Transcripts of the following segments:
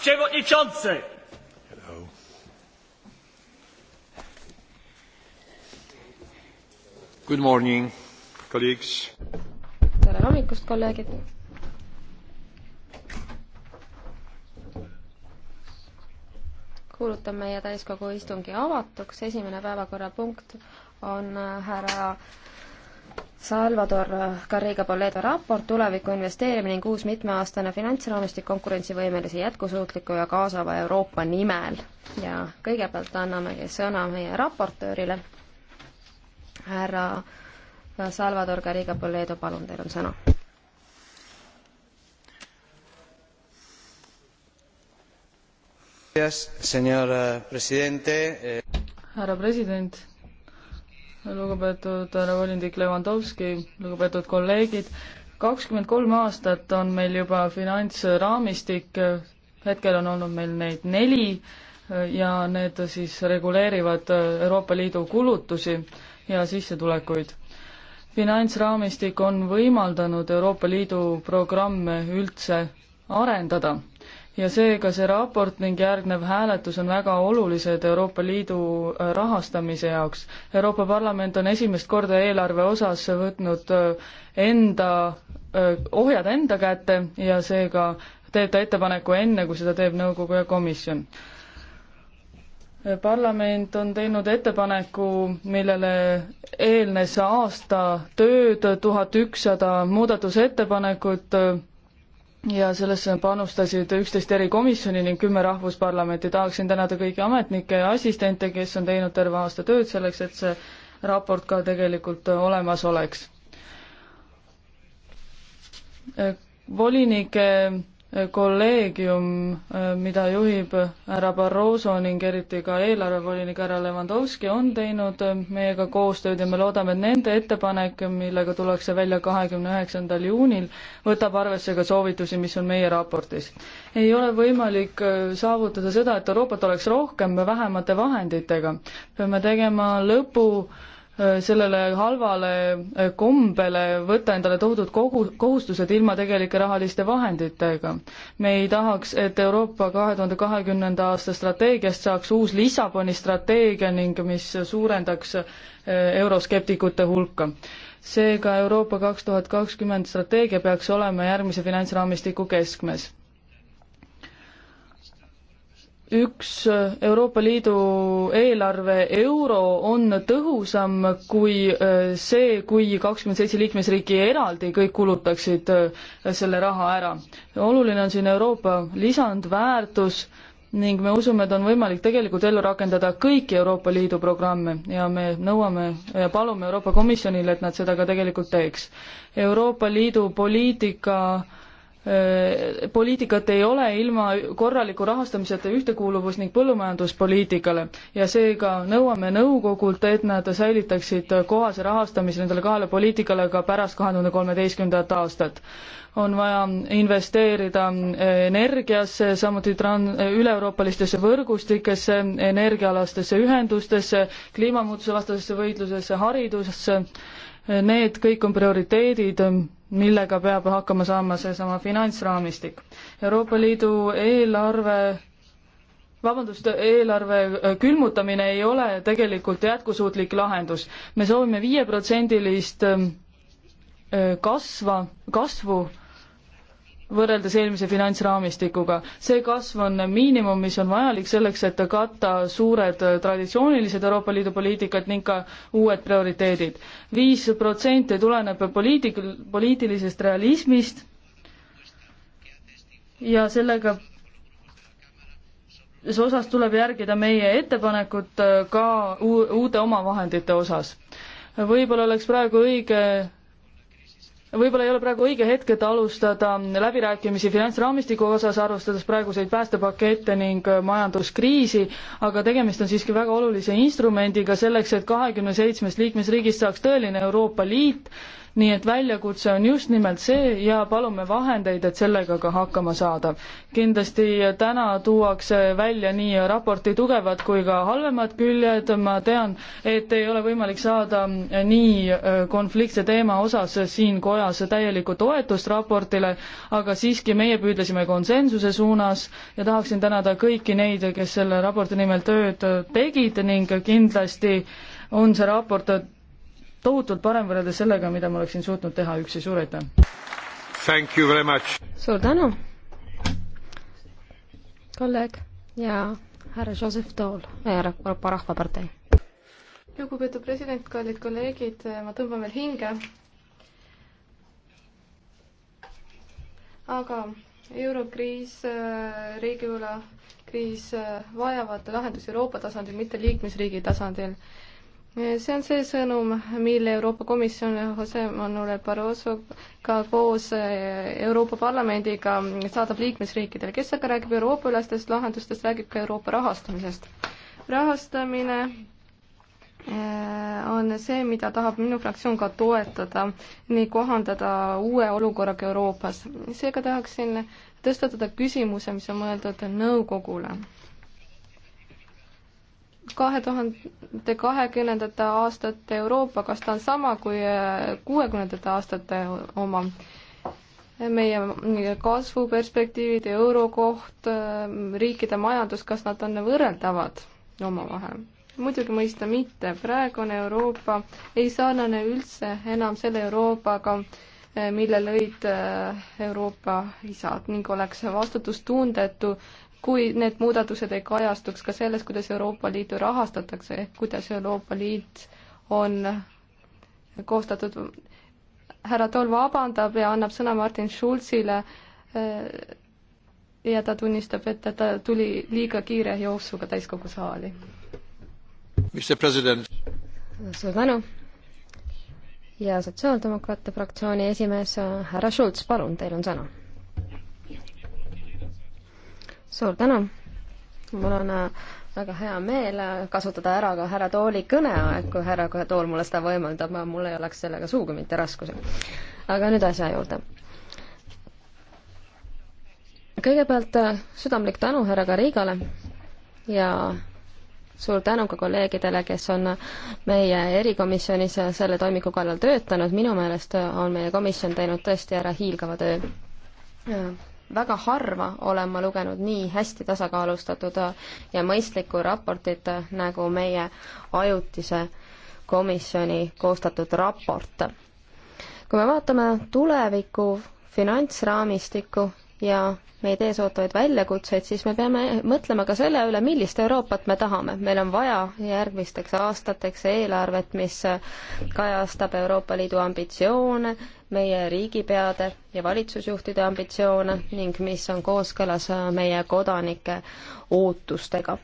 przewodniczący! Hello. Good morning, colleagues. tere hommikust, kolleegid! kuulutan meie täiskogu istungi avatuks, esimene päevakorrapunkt on äh, härra Salvador Garriga Polledo raport Tuleviku investeerimine ning uus mitmeaastane finantsraamistik konkurentsivõimelise jätkusuutliku ja kaasava Euroopa nimel. ja kõigepealt annamegi sõna meie raportöörile, härra Salvador Garriga Polledo, palun, teil on sõna. härra president lugupeetud härra volinik Levandovski, lugupeetud kolleegid, kakskümmend kolm aastat on meil juba finantsraamistik, hetkel on olnud meil neid neli ja need siis reguleerivad Euroopa Liidu kulutusi ja sissetulekuid. finantsraamistik on võimaldanud Euroopa Liidu programme üldse arendada ja seega see raport ning järgnev hääletus on väga olulised Euroopa Liidu äh, rahastamise jaoks. Euroopa Parlament on esimest korda eelarve osas võtnud äh, enda, äh, ohjad enda kätte ja seega teeb ta ettepaneku enne, kui seda teeb nõukogu ja komisjon. parlament on teinud ettepaneku, millele eelnes aasta tööd, tuhat ükssada muudatusettepanekut ja sellesse panustasid üksteist erikomisjoni ning kümme rahvusparlamenti. tahaksin tänada kõiki ametnikke ja assistente, kes on teinud terve aasta tööd selleks, et see raport ka tegelikult olemas oleks. volinike kolleegium, äh, mida juhib härra Barroso ning eriti ka eelarvevolinik härra Lewandowski, on teinud äh, meiega koostööd ja me loodame, et nende ettepanek, millega tullakse välja kahekümne üheksandal juunil, võtab arvesse ka soovitusi, mis on meie raportis. ei ole võimalik äh, saavutada seda, et Euroopat oleks rohkem vähemate vahenditega. peame tegema lõpu äh, sellele halvale äh, kombele võtta endale tohutud kogu, kohustused ilma tegelike rahaliste vahenditega. me ei tahaks, et Euroopa kahe tuhande kahekümnenda aasta strateegiast saaks uus Lissaboni strateegia ning mis suurendaks äh, euroskeptikute hulka. seega Euroopa kaks tuhat kakskümmend strateegia peaks olema järgmise finantsraamistiku keskmes üks Euroopa Liidu eelarve euro on tõhusam kui äh, see, kui kakskümmend seitse liikmesriiki eraldi kõik kulutaksid äh, selle raha ära. oluline on siin Euroopa lisandväärtus ning me usume, et on võimalik tegelikult ellu rakendada kõiki Euroopa Liidu programme ja me nõuame ja palume Euroopa Komisjonile, et nad seda ka tegelikult teeks. Euroopa Liidu poliitika äh, Äh, poliitikat ei ole ilma korraliku rahastamiseta ühtekuuluvus- ning põllumajanduspoliitikale ja seega nõuame nõukogult, et nad säilitaksid kohase rahastamise nendele kahele poliitikale ka pärast kahe tuhande kolmeteistkümnendat aastat. on vaja investeerida äh, energiasse, samuti tran-, äh, üle-euroopalistesse võrgustikesse, energiaalastesse ühendustesse, kliimamuutuse vastasesse võitlusesse, haridusse, Need kõik on prioriteedid, millega peab hakkama saama seesama finantsraamistik. Euroopa Liidu eelarve vabandust, eelarve külmutamine ei ole tegelikult jätkusuutlik lahendus. me soovime viieprotsendilist äh, kasva, kasvu võrreldes eelmise finantsraamistikuga. see kasv on miinimum, mis on vajalik selleks, et katta suured traditsioonilised Euroopa Liidu poliitikad ning ka uued prioriteedid. viis protsenti tuleneb poliitik-, poliitilisest realismist ja sellega selles osas tuleb järgida meie ettepanekut ka uute omavahendite osas. võib-olla oleks praegu õige võib-olla ei ole praegu õige hetk, et alustada läbirääkimisi finantsraamistiku osas, arvestades praeguseid päästepakette ning majanduskriisi, aga tegemist on siiski väga olulise instrumendiga selleks, et kahekümne seitsmest liikmesriigist saaks tõeline Euroopa Liit nii et väljakutse on just nimelt see ja palume vahendeid, et sellega ka hakkama saada. kindlasti täna tuuakse välja nii raporti tugevad kui ka halvemad küljed, ma tean, et ei ole võimalik saada nii äh, konfliktse teema osas siin kojas täielikku toetust raportile, aga siiski meie püüdlesime konsensuse suunas ja tahaksin tänada kõiki neid, kes selle raporti nimel tööd tegid ning kindlasti on see raport tohutult parem võrreldes sellega, mida ma oleksin suutnud teha üksi, suur aitäh! suur tänu, kolleeg ja härra Joseph Tool, eh, Euroopa Rahvapartei. lugupeetud president, kallid kolleegid, ma tõmban veel hinge. aga eurokriis, äh, riigivõla kriis äh, vajavad lahendusi Euroopa tasandil, mitte liikmesriigi tasandil see on see sõnum, mille Euroopa Komisjon Jose Manuel Barrosoga koos eh, Euroopa Parlamendiga saadab liikmesriikidele, kes aga räägib Euroopa-ülestest lahendustest, räägib ka Euroopa rahastamisest. rahastamine eh, on see, mida tahab minu fraktsioon ka toetada ning kohandada uue olukorraga Euroopas. seega tahaksin tõstatada küsimuse, mis on mõeldud nõukogule kahe tuhande kahekümnendate aastate Euroopa, kas ta on sama kui äh, kuuekümnendate aastate oma? meie kasvuperspektiivid, eurokoht, äh, riikide majandus, kas nad on võrreldavad omavahel? muidugi mõista mitte, praegune Euroopa ei sarnane üldse enam selle Euroopaga, äh, mille lõid Euroopa isad ning oleks vastutustundetu kui need muudatused ei kajastuks ka selles, kuidas Euroopa Liitu rahastatakse, ehk kuidas Euroopa Liit on koostatud. härra Toll vabandab ja annab sõna Martin Schulzile eh, ja ta tunnistab, et ta tuli liiga kiire jooksuga täiskogu saali. suur tänu! ja Sotsiaaldemokraatia fraktsiooni esimees eh, härra Schulz, palun, teil on sõna suur tänu. mul on äh, väga hea meel äh, kasutada ära ka härra Tooli kõneaeg, kui härra Tool mulle seda võimaldab, mul ei oleks sellega sugugi mitte raskusi. aga nüüd asja juurde. kõigepealt äh, südamlik tänu härra Karigale ja suur tänu ka kolleegidele, kes on meie erikomisjonis selle toimiku kallal töötanud, minu meelest on meie komisjon teinud tõesti ära hiilgava töö väga harva olen ma lugenud nii hästi tasakaalustatud ja mõistlikku raportit, nagu meie ajutise komisjoni koostatud raport. kui me vaatame tulevikku, finantsraamistikku ja meid ees ootavaid väljakutseid, siis me peame mõtlema ka selle üle, millist Euroopat me tahame. meil on vaja järgmisteks aastateks eelarvet, mis kajastab Euroopa Liidu ambitsioone, meie riigipeade ja valitsusjuhtide ambitsioone ning mis on kooskõlas meie kodanike ootustega.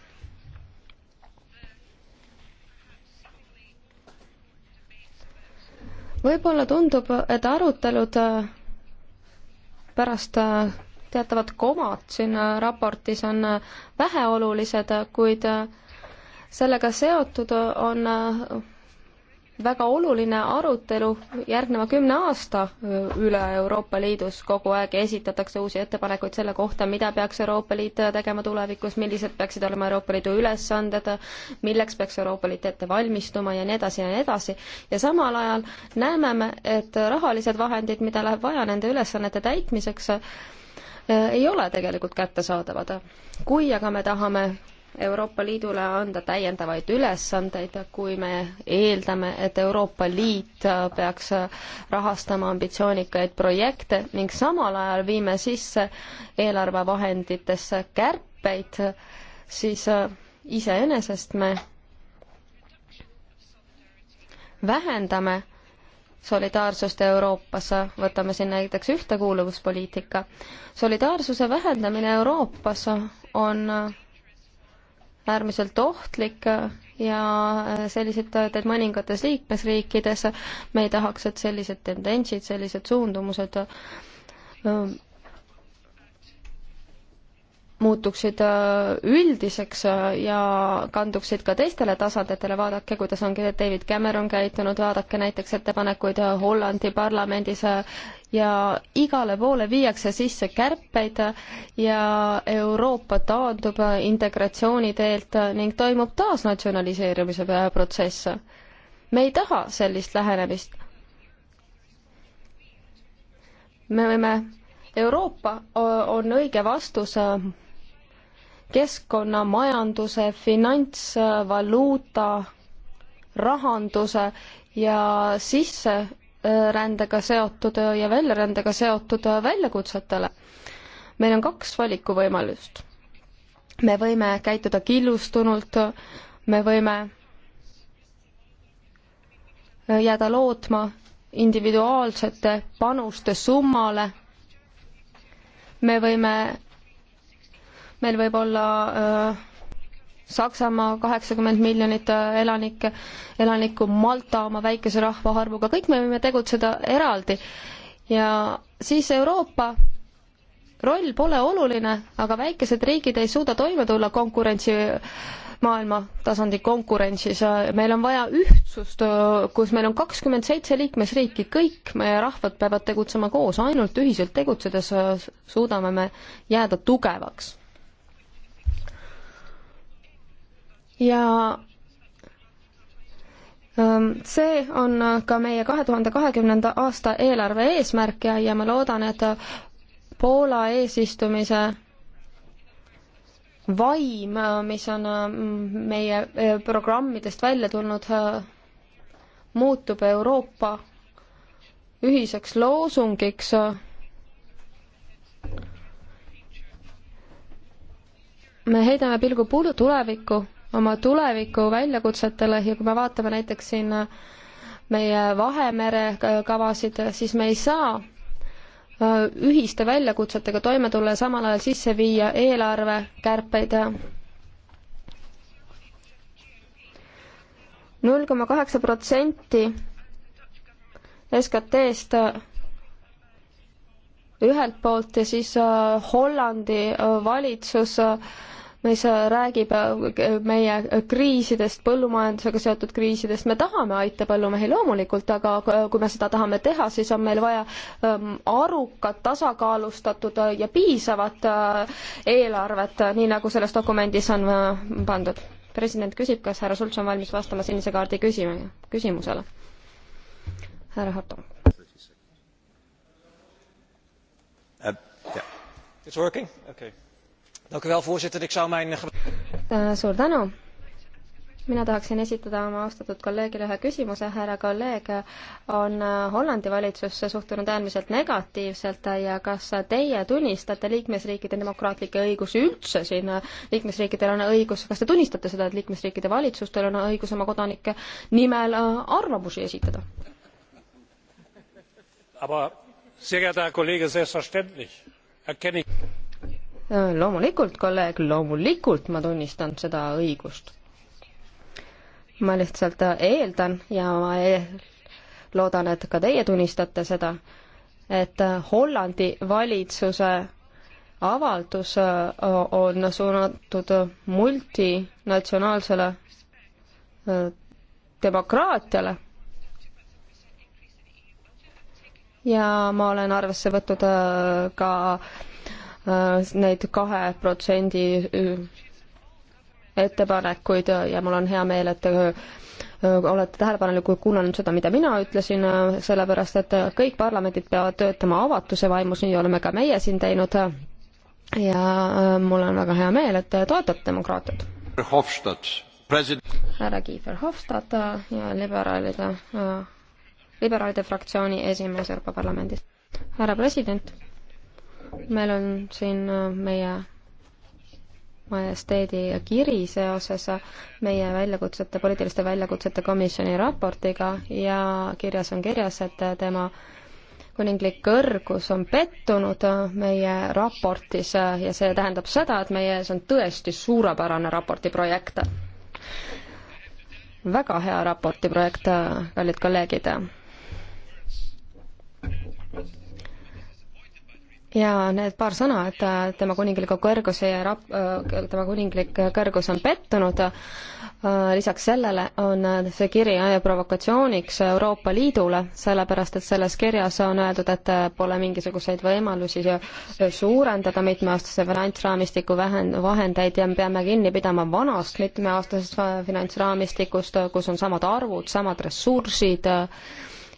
võib-olla tundub, et arutelud pärast teatavad komad siin raportis on väheolulised, kuid sellega seotud on väga oluline arutelu järgneva kümne aasta üle Euroopa Liidus, kogu aeg esitatakse uusi ettepanekuid selle kohta, mida peaks Euroopa Liit tegema tulevikus, millised peaksid olema Euroopa Liidu ülesanded, milleks peaks Euroopa Liit ette valmistuma ja nii edasi ja nii edasi. ja samal ajal näeme me, et rahalised vahendid, mida läheb vaja nende ülesannete täitmiseks, Äh, ei ole tegelikult kättesaadavad. kui aga me tahame Euroopa Liidule anda täiendavaid ülesandeid, kui me eeldame, et Euroopa Liit peaks rahastama ambitsioonikaid projekte ning samal ajal viime sisse eelarvevahenditesse kärpeid, siis äh, iseenesest me vähendame solidaarsust Euroopas, võtame siin näiteks ühtekuuluvuspoliitika. solidaarsuse vähendamine Euroopas on äärmiselt ohtlik ja sellised teed mõningates liikmesriikides, me ei tahaks, et sellised tendentsid, sellised suundumused muutuksid äh, üldiseks äh, ja kanduksid ka teistele tasanditele, vaadake, kuidas on David Cameron käitunud, vaadake näiteks ettepanekuid äh, Hollandi parlamendis ja igale poole viiakse sisse kärpeid ja Euroopa taandub integratsiooni teelt ning toimub taas natsionaliseerimise protsess. me ei taha sellist lähenemist. me võime Euroopa on õige vastus keskkonna, majanduse, finants, valuuta, rahanduse ja sisserändega seotud ja väljarändega seotud väljakutsetele. meil on kaks valikuvõimalust. me võime käituda killustunult, me võime jääda lootma individuaalsete panuste summale, me võime meil võib olla äh, Saksamaa kaheksakümmend miljonit äh, elanikke, elanikku, Malta oma väikese rahvaarvuga, kõik me võime tegutseda eraldi. ja siis Euroopa roll pole oluline, aga väikesed riigid ei suuda toime tulla konkurentsi maailma tasandi konkurentsis, meil on vaja ühtsust, äh, kus meil on kakskümmend seitse liikmesriiki, kõik meie rahvad peavad tegutsema koos, ainult ühiselt tegutsedes suudame me jääda tugevaks ja ähm, see on ka meie kahe tuhande kahekümnenda aasta eelarve eesmärk ja, ja ma loodan, et Poola eesistumise vaim, mis on mm, meie äh, programmidest välja tulnud, äh, muutub Euroopa ühiseks loosungiks me heidame pilgu tulevikku oma tuleviku väljakutsetele ja kui me vaatame näiteks siin meie Vahemere kavasid, siis me ei saa äh, ühiste väljakutsetega toime tulla ja samal ajal sisse viia eelarvekärpeid. null koma kaheksa protsenti SKT-st ühelt poolt ja siis äh, Hollandi äh, valitsus mis äh, räägib äh, meie kriisidest, põllumajandusega seotud kriisidest, me tahame aita põllumehi loomulikult, aga äh, kui me seda tahame teha, siis on meil vaja ähm, arukat, tasakaalustatud ja piisavat eelarvet, nii nagu selles dokumendis on pandud. president küsib, kas härra Sults on valmis vastama sinise kaardi küsimusele, küsimusele. härra Hartong. Uh, It's working? Okay voorzitter ik zou mijn. Eh, suur tänu mina tahaksin esitada oma austatud kolleegile ühe küsimuse. härra kolleeg on eh, Hollandi valitsusse suhtunud äärmiselt negatiivselt ja kas teie tunnistate liikmesriikide demokraatlikke õigusi üldse siin? liikmesriikidel on õigus, kas te tunnistate seda, et liikmesriikide valitsustel on õigus oma kodanike nimel eh, arvamusi esitada? aga, sehr geehrter Herr Kollege, selbstverständlich erkenne ich Äh, loomulikult, kolleeg, loomulikult ma tunnistan seda õigust. ma lihtsalt äh, eeldan ja ma loodan, et ka teie tunnistate seda, et äh, Hollandi valitsuse avaldus on suunatud multinatsionaalsele demokraatiale ja ma olen arvesse võtnud ka Äh, neid kahe protsendi äh, ettepanekuid ja mul on hea meel, et te äh, olete tähelepanelikult kuulanud seda, mida mina ütlesin, sellepärast et kõik parlamendid peavad töötama avatuse vaimus, nii oleme ka meie siin teinud. ja mul on väga hea meel, et te toetate demokraatiat. härra Kiefer Hofstadt ja liberaalide, liberaalide fraktsiooni esimees Euroopa Parlamendis. härra president meil on siin äh, meie majesteedi kiri seoses äh, meie väljakutsete, poliitiliste väljakutsete komisjoni raportiga ja kirjas on kirjas, et äh, tema kuninglik kõrgus on pettunud meie raportis ja see tähendab seda, et meie ees on tõesti suurepärane raporti projekt. väga hea raporti projekt, kallid kolleegid ja need paar sõna, et äh, tema kuningliku kõrguse ja rap-, äh, tema kuninglik kõrgus on pettunud, äh, lisaks sellele on see kiri provokatsiooniks Euroopa Liidule, sellepärast et selles kirjas on öeldud, et pole mingisuguseid võimalusi suurendada mitmeaastase finantsraamistiku vähen-, vahendeid ja me peame kinni pidama vanast mitmeaastasest finantsraamistikust, kus on samad arvud, samad ressursid,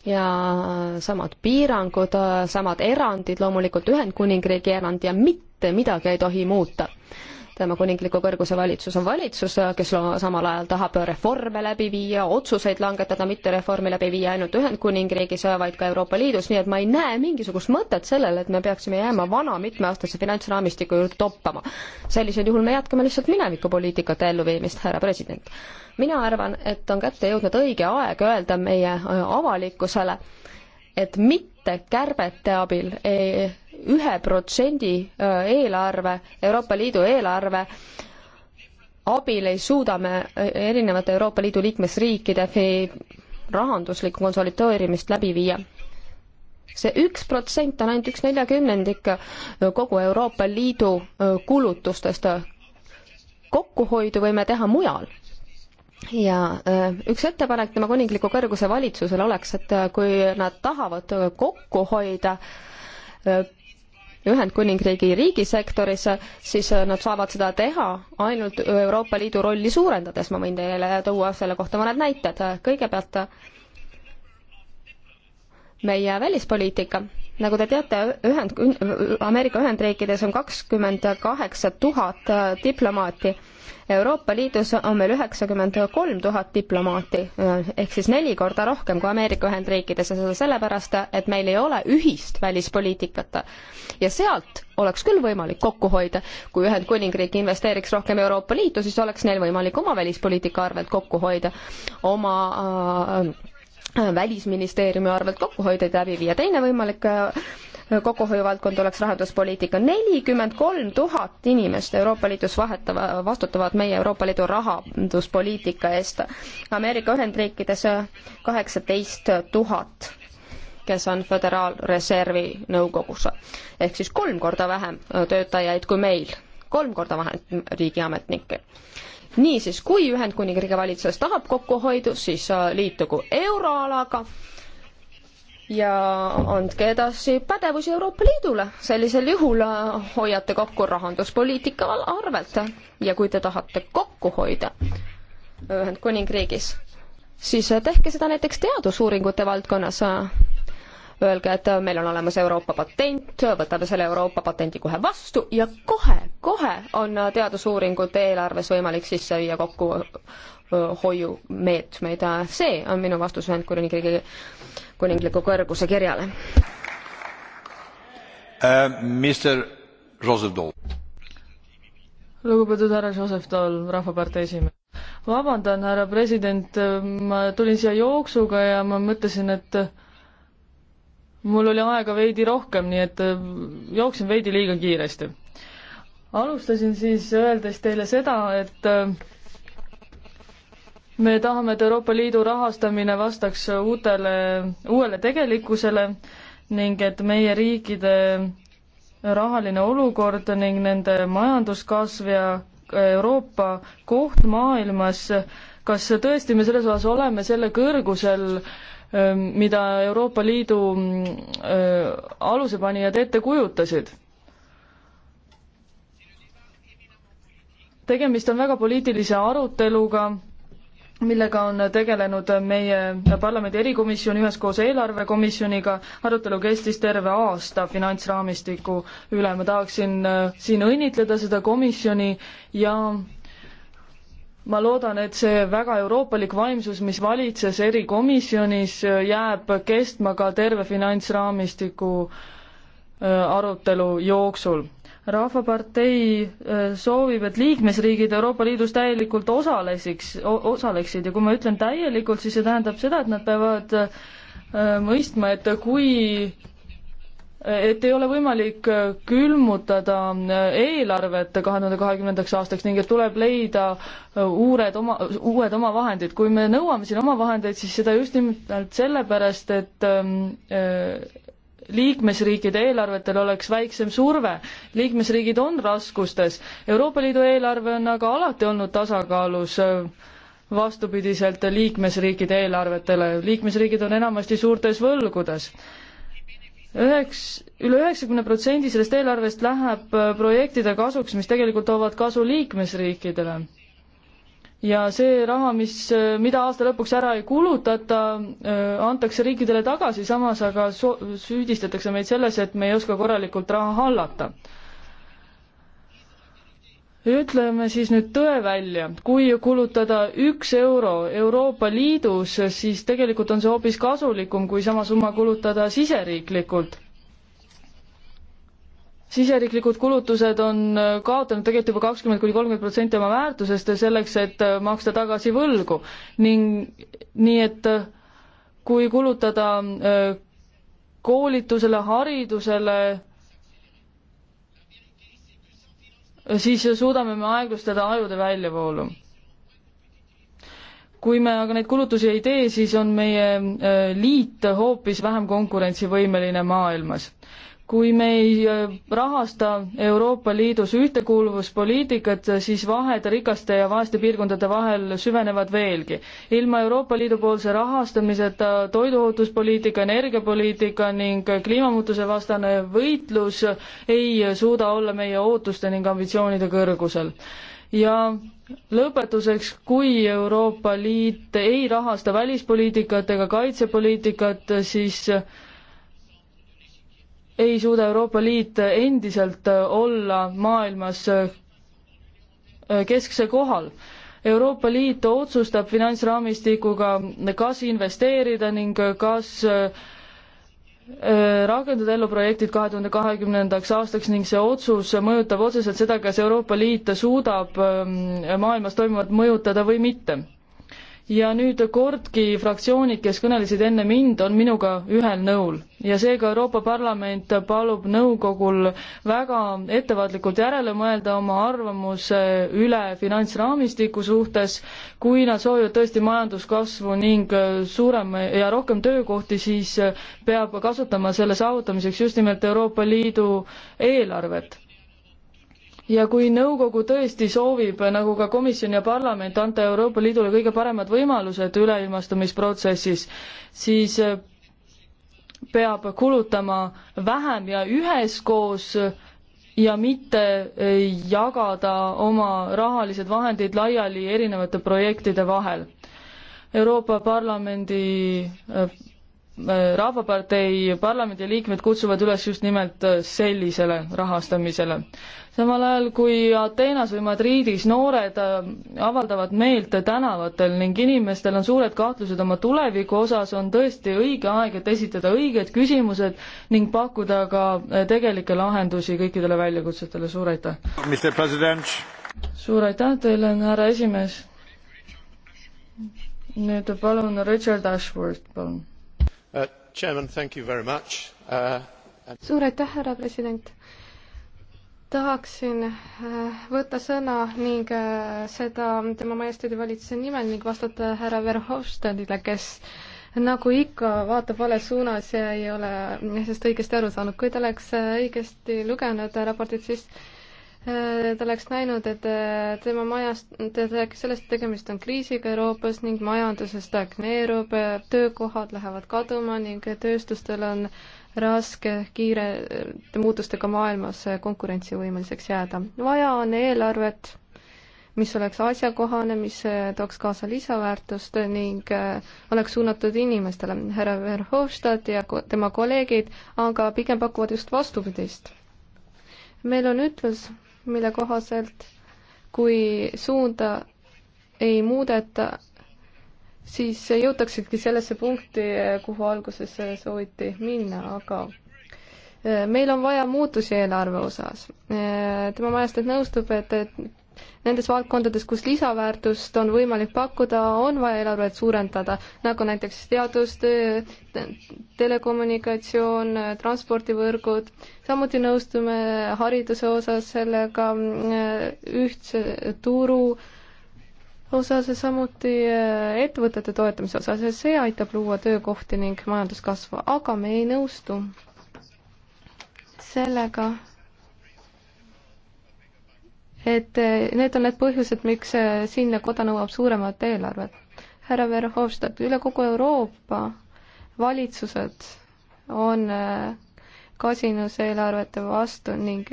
ja samad piirangud, samad erandid, loomulikult Ühendkuningriigi erand ja mitte midagi ei tohi muuta tema kuningliku kõrguse valitsus on valitsus, kes samal ajal tahab reforme läbi viia, otsuseid langetada, mitte reformi läbi viia ainult Ühendkuningriigis, vaid ka Euroopa Liidus, nii et ma ei näe mingisugust mõtet sellele, et me peaksime jääma vana mitmeaastase finantsraamistiku juurde toppama. sellisel juhul me jätkame lihtsalt minevikupoliitikate elluviimist, härra president mina arvan, et on kätte jõudnud õige aeg öelda meie äh, avalikkusele, et mitte kärbete abil eh, ühe protsendi äh, eelarve, Euroopa Liidu eelarve abil ei suuda me äh, erinevate Euroopa Liidu liikmesriikide rahanduslikku konsolideerimist läbi viia see üks protsent on ainult üks neljakümnendik kogu Euroopa Liidu kulutustest. kokkuhoidu võime teha mujal ja äh, üks ettepanek tema kuningliku kõrguse valitsusele oleks, et äh, kui nad tahavad äh, kokku hoida Ühendkuningriigi riigisektoris, siis nad saavad seda teha ainult Euroopa Liidu rolli suurendades, ma võin teile tuua selle kohta mõned näited, kõigepealt meie välispoliitika nagu te teate, Ühend-, Ameerika Ühendriikides on kakskümmend kaheksa tuhat äh, diplomaati. Euroopa Liidus on meil üheksakümmend kolm tuhat diplomaati, äh, ehk siis neli korda rohkem kui Ameerika Ühendriikides ja seda sellepärast, et meil ei ole ühist välispoliitikat. ja sealt oleks küll võimalik kokku hoida, kui Ühendkuningriik investeeriks rohkem Euroopa Liitu, siis oleks neil võimalik oma välispoliitika arvelt kokku hoida, oma äh, Äh, välisministeeriumi arvelt kokkuhoideid läbi viia. teine võimalik äh, kokkuhoiuvaldkond oleks rahanduspoliitika. nelikümmend kolm tuhat inimest Euroopa Liidus vahetava, vastutavad meie Euroopa Liidu rahanduspoliitika eest. Ameerika Ühendriikides äh, kaheksateist tuhat, kes on Föderaalreservi nõukogus. ehk siis kolm korda vähem töötajaid kui meil, kolm korda vähem riigiametnikke niisiis, kui Ühendkuningriigi valitsus tahab kokkuhoidu, siis äh, liitugu euroalaga ja andke edasi pädevusi Euroopa Liidule. sellisel juhul äh, hoiate kokku rahanduspoliitika arvelt ja kui te tahate kokku hoida Ühendkuningriigis, siis äh, tehke seda näiteks teadusuuringute valdkonnas öelge, et meil on olemas Euroopa patent, võtame selle Euroopa patendi kohe vastu ja kohe, kohe on teadusuuringute eelarves võimalik sisse viia kokku hoiumeetmeid. see on minu vastus Ühendkuningriigi kuningliku kõrguse kirjale uh,. lugupeetud härra Joseph Daul, Rahvapartei esimees. vabandan, härra president, ma tulin siia jooksuga ja ma mõtlesin, et mul oli aega veidi rohkem, nii et äh, jooksin veidi liiga kiiresti. alustasin siis öeldes teile seda, et äh, me tahame, et Euroopa Liidu rahastamine vastaks uutele, uuele tegelikkusele ning et meie riikide rahaline olukord ning nende majanduskasv ja äh, Euroopa koht maailmas, kas tõesti me selles osas oleme selle kõrgusel äh, Ähm, mida Euroopa Liidu mm, äh, alusepanijad ette kujutasid. tegemist on väga poliitilise aruteluga millega on tegelenud meie parlamendi erikomisjon üheskoos eelarvekomisjoniga. arutelu kestis terve aasta finantsraamistiku üle. ma tahaksin äh, siin õnnitleda seda komisjoni ja ma loodan, et see väga euroopalik vaimsus, mis valitses erikomisjonis, jääb kestma ka terve finantsraamistiku äh, arutelu jooksul rahvapartei äh, soovib, et liikmesriigid Euroopa Liidus täielikult osalesiks, osaleksid ja kui ma ütlen täielikult, siis see tähendab seda, et nad peavad äh, mõistma, et kui et ei ole võimalik äh, külmutada äh, eelarvet kahe tuhande kahekümnendaks aastaks ning et tuleb leida äh, uured oma, uued omavahendid. kui me nõuame siin omavahendeid, siis seda just nimelt sellepärast, et ähm, liikmesriikide eelarvetel oleks väiksem surve. liikmesriigid on raskustes. Euroopa Liidu eelarve on aga alati olnud tasakaalus vastupidiselt liikmesriikide eelarvetele. liikmesriigid on enamasti suurtes võlgudes üheks üle, üle üheksakümne protsendi sellest eelarvest läheb äh, projektide kasuks, mis tegelikult toovad kasu liikmesriikidele. ja see raha, mis, äh, mida aasta lõpuks ära ei kulutata, äh, antakse riikidele tagasi, samas aga so-, süüdistatakse meid selles, et me ei oska korralikult raha hallata ütleme siis nüüd tõe välja, kui kulutada üks euro Euroopa Liidus, siis tegelikult on see hoopis kasulikum, kui sama summa kulutada siseriiklikult. siseriiklikud kulutused on kaotanud tegelikult juba kakskümmend kuni kolmkümmend protsenti oma väärtusest selleks, et maksta tagasi võlgu ning nii et kui kulutada äh, koolitusele, haridusele, siis suudame me aeglustada ajude väljavoolu. kui me aga neid kulutusi ei tee, siis on meie äh, liit hoopis vähem konkurentsivõimeline maailmas kui me ei äh, rahasta Euroopa Liidus ühtekuuluvuspoliitikat, siis vahed rikaste ja vaeste piirkondade vahel süvenevad veelgi. ilma Euroopa Liidu poolse rahastamiseta toiduohutuspoliitika, energiapoliitika ning kliimamuutuse vastane võitlus ei suuda olla meie ootuste ning ambitsioonide kõrgusel. ja lõpetuseks, kui Euroopa Liit ei rahasta välispoliitikat ega kaitsepoliitikat, siis ei suuda Euroopa Liit endiselt olla maailmas äh, keskse kohal. Euroopa Liit otsustab finantsraamistikuga, kas investeerida ning kas äh, rakendada ellu projektid kahe tuhande kahekümnendaks aastaks ning see otsus mõjutab otseselt seda, kas Euroopa Liit suudab ähm, maailmas toimuvat mõjutada või mitte ja nüüd kordki fraktsioonid, kes kõnelesid enne mind, on minuga ühel nõul ja seega Euroopa Parlament palub nõukogul väga ettevaatlikult järele mõelda oma arvamuse üle finantsraamistiku suhtes. kui nad soovivad tõesti majanduskasvu ning suurem ja rohkem töökohti, siis peab kasutama selle saavutamiseks just nimelt Euroopa Liidu eelarvet ja kui nõukogu tõesti soovib, nagu ka komisjon ja parlament, anda Euroopa Liidule kõige paremad võimalused üleilmastumisprotsessis, siis eh, peab kulutama vähem ja üheskoos ja mitte eh, jagada oma rahalised vahendid laiali erinevate projektide vahel. Euroopa Parlamendi eh, Rahvapartei parlamendiliikmed kutsuvad üles just nimelt äh, sellisele rahastamisele. samal ajal, kui Ateenas või Madridis noored äh, avaldavad meelt tänavatel ning inimestel on suured kahtlused oma tuleviku osas, on tõesti õige aeg, et esitada õiged küsimused ning pakkuda ka äh, tegelikke lahendusi kõikidele väljakutsetele, suur aitäh! suur aitäh teile, härra esimees! nüüd palun Richard Ashworth, palun Uh, suur aitäh, härra president! tahaksin äh, võtta sõna ning äh, seda tema majesteedi valitsuse nimel ning vastata härra Verhofstadile, kes nagu ikka, vaatab vales suunas ja ei ole asjast õigesti aru saanud. kui ta oleks äh, õigesti lugenud raportit, siis Äh, ta oleks näinud, et äh, tema majast, ta rääkis sellest, et tegemist on kriisiga Euroopas ning majandus stagneerub, äh, töökohad lähevad kaduma ning tööstustel on raske kiirete muutustega maailmas konkurentsivõimeliseks jääda. vaja on eelarvet, mis oleks asjakohane, mis tooks kaasa lisaväärtust ning oleks suunatud inimestele. härra Verhofstadt ja tema kolleegid aga pigem pakuvad just vastupidist. meil on ütlus, mille kohaselt kui suunda ei muudeta, siis jõutaksegi sellesse punkti, kuhu alguses sooviti minna, aga eh, meil on vaja muutusi eelarve osas. Eh, tema majestät nõustub, et, et nendes valdkondades, kus lisaväärtust on võimalik pakkuda, on vaja eelarvet suurendada, nagu näiteks teadustöö, telekommunikatsioon, transpordivõrgud, samuti nõustume hariduse osas sellega mm, ühtse turu osas ja samuti eh, ettevõtete toetamise osas ja see aitab luua töökohti ning majanduskasvu, aga me ei nõustu sellega, et eh, need on need põhjused, miks eh, siinne koda nõuab suuremat eelarvet. härra Verhofstadt, üle kogu Euroopa valitsused on eh, kasinuseelarvete vastu ning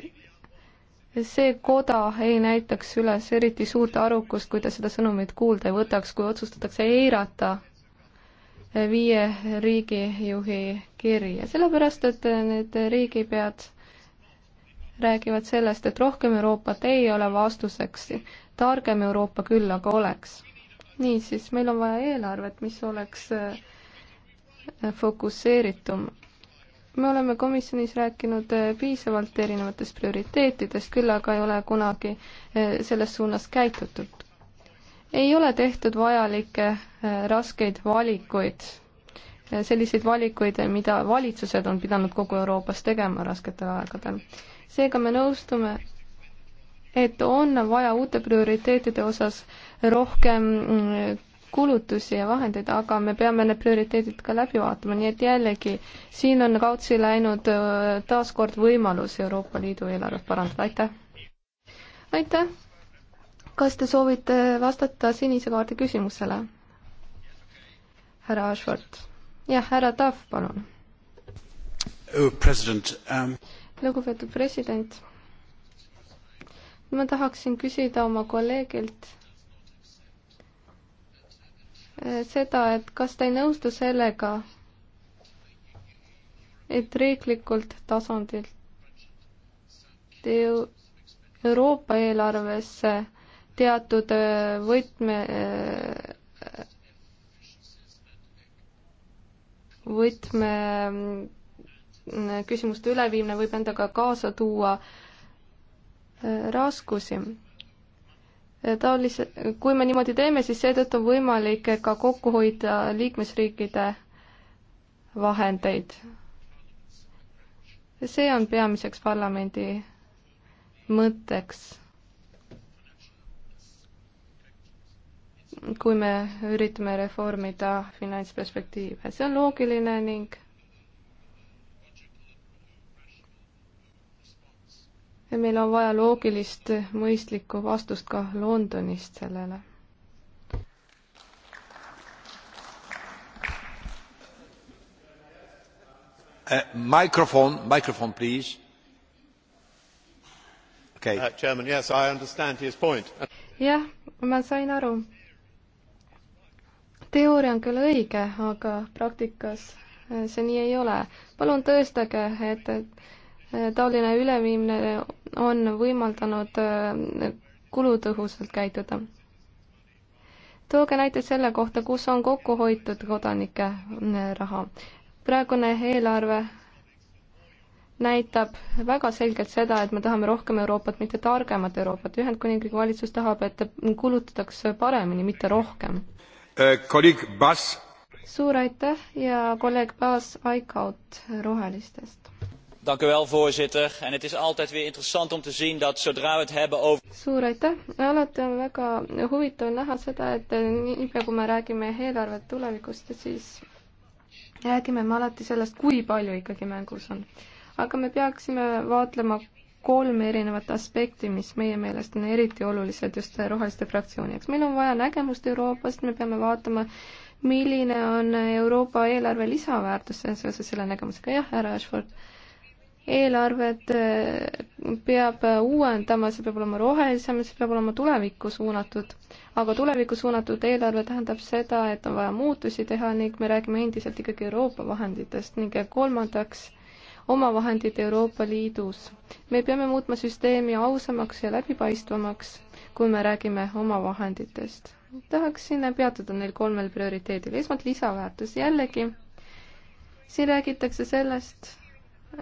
see koda ei näitaks üles eriti suurt arukust, kui ta seda sõnumit kuulda ei võtaks, kui otsustatakse eirata viie riigijuhi kirja, sellepärast et need riigipead räägivad sellest, et rohkem Euroopat ei ole vastuseks, targem Euroopa küll aga oleks. niisiis, meil on vaja eelarvet, mis oleks äh, fokusseeritum. me oleme komisjonis rääkinud äh, piisavalt erinevatest prioriteetidest, küll aga ei ole kunagi äh, selles suunas käitutud. ei ole tehtud vajalikke raskeid valikuid selliseid valikuid, mida valitsused on pidanud kogu Euroopas tegema rasketel aegadel seega me nõustume, et on vaja uute prioriteetide osas rohkem mm, kulutusi ja vahendeid, aga me peame need prioriteedid ka läbi vaatama, nii et jällegi siin on kaudsi läinud taaskord võimalus Euroopa Liidu eelarvet parandada, aitäh! aitäh! kas te soovite vastata sinise kaardi küsimusele? härra Ashford. jah, härra Tahv, palun. Oh, president um lugupeetud president. ma tahaksin küsida oma kolleegilt eh, seda, et kas ta ei nõustu sellega, et riiklikult tasandilt Euroopa eelarvesse teatud eh, võtme, eh, võtme mm, küsimuste üleviimine võib endaga kaasa tuua äh, raskusi. taolise, kui me niimoodi teeme, siis seetõttu on võimalik ka kokku hoida liikmesriikide vahendeid. see on peamiseks parlamendi mõtteks kui me üritame reformida finantsperspektiive. see on loogiline ning meil on vaja loogilist, mõistlikku vastust ka Londonist sellele. Eh, microphone, microphone please. Okay. Uh, Chairman, yes, I understand his point. jah, ma sain aru. teooria on küll õige, aga praktikas eh, see nii ei ole. palun tõestage, et, et Äh, taoline üleviimine on võimaldanud äh, kulutõhusalt käituda. tooge näiteid selle kohta, kus on kokku hoitud kodanike äh, raha. praegune eelarve näitab väga selgelt seda, et me tahame rohkem Euroopat, mitte targemat Euroopat. Ühendkuningriigi valitsus tahab, et kulutataks paremini, mitte rohkem äh,. kolleeg Bas. suur aitäh ja kolleeg Bas Aikaut Rohelistest voorzitter het is altijd weer interessant om te zien dat zodra we het hebben over. suur aitäh alati on väga huvitav näha seda et niipea kui me räägime eelarve tulevikust siis räägime me alati sellest kui palju ikkagi mängus on aga me peaksime vaatlema kolm erinevat aspekti, mis meie meelest on eriti olulised just roheliste fraktsiooni jaoks. meil on vaja nägemust Euroopast, me peame vaatama, milline on Euroopa eelarve lisaväärtus seoses selle nägemusega, jah, härra Ashford eelarvet äh, peab uuendama, see peab olema rohelisem, see peab olema tulevikku suunatud. aga tulevikku suunatud eelarve tähendab seda, et on vaja muutusi teha ning me räägime endiselt ikkagi Euroopa vahenditest ning kolmandaks, omavahendid Euroopa Liidus. me peame muutma süsteemi ausamaks ja läbipaistvamaks, kui me räägime omavahenditest. tahaksin peatuda neil kolmel prioriteedil. esmalt lisaväärtus, jällegi siin räägitakse sellest,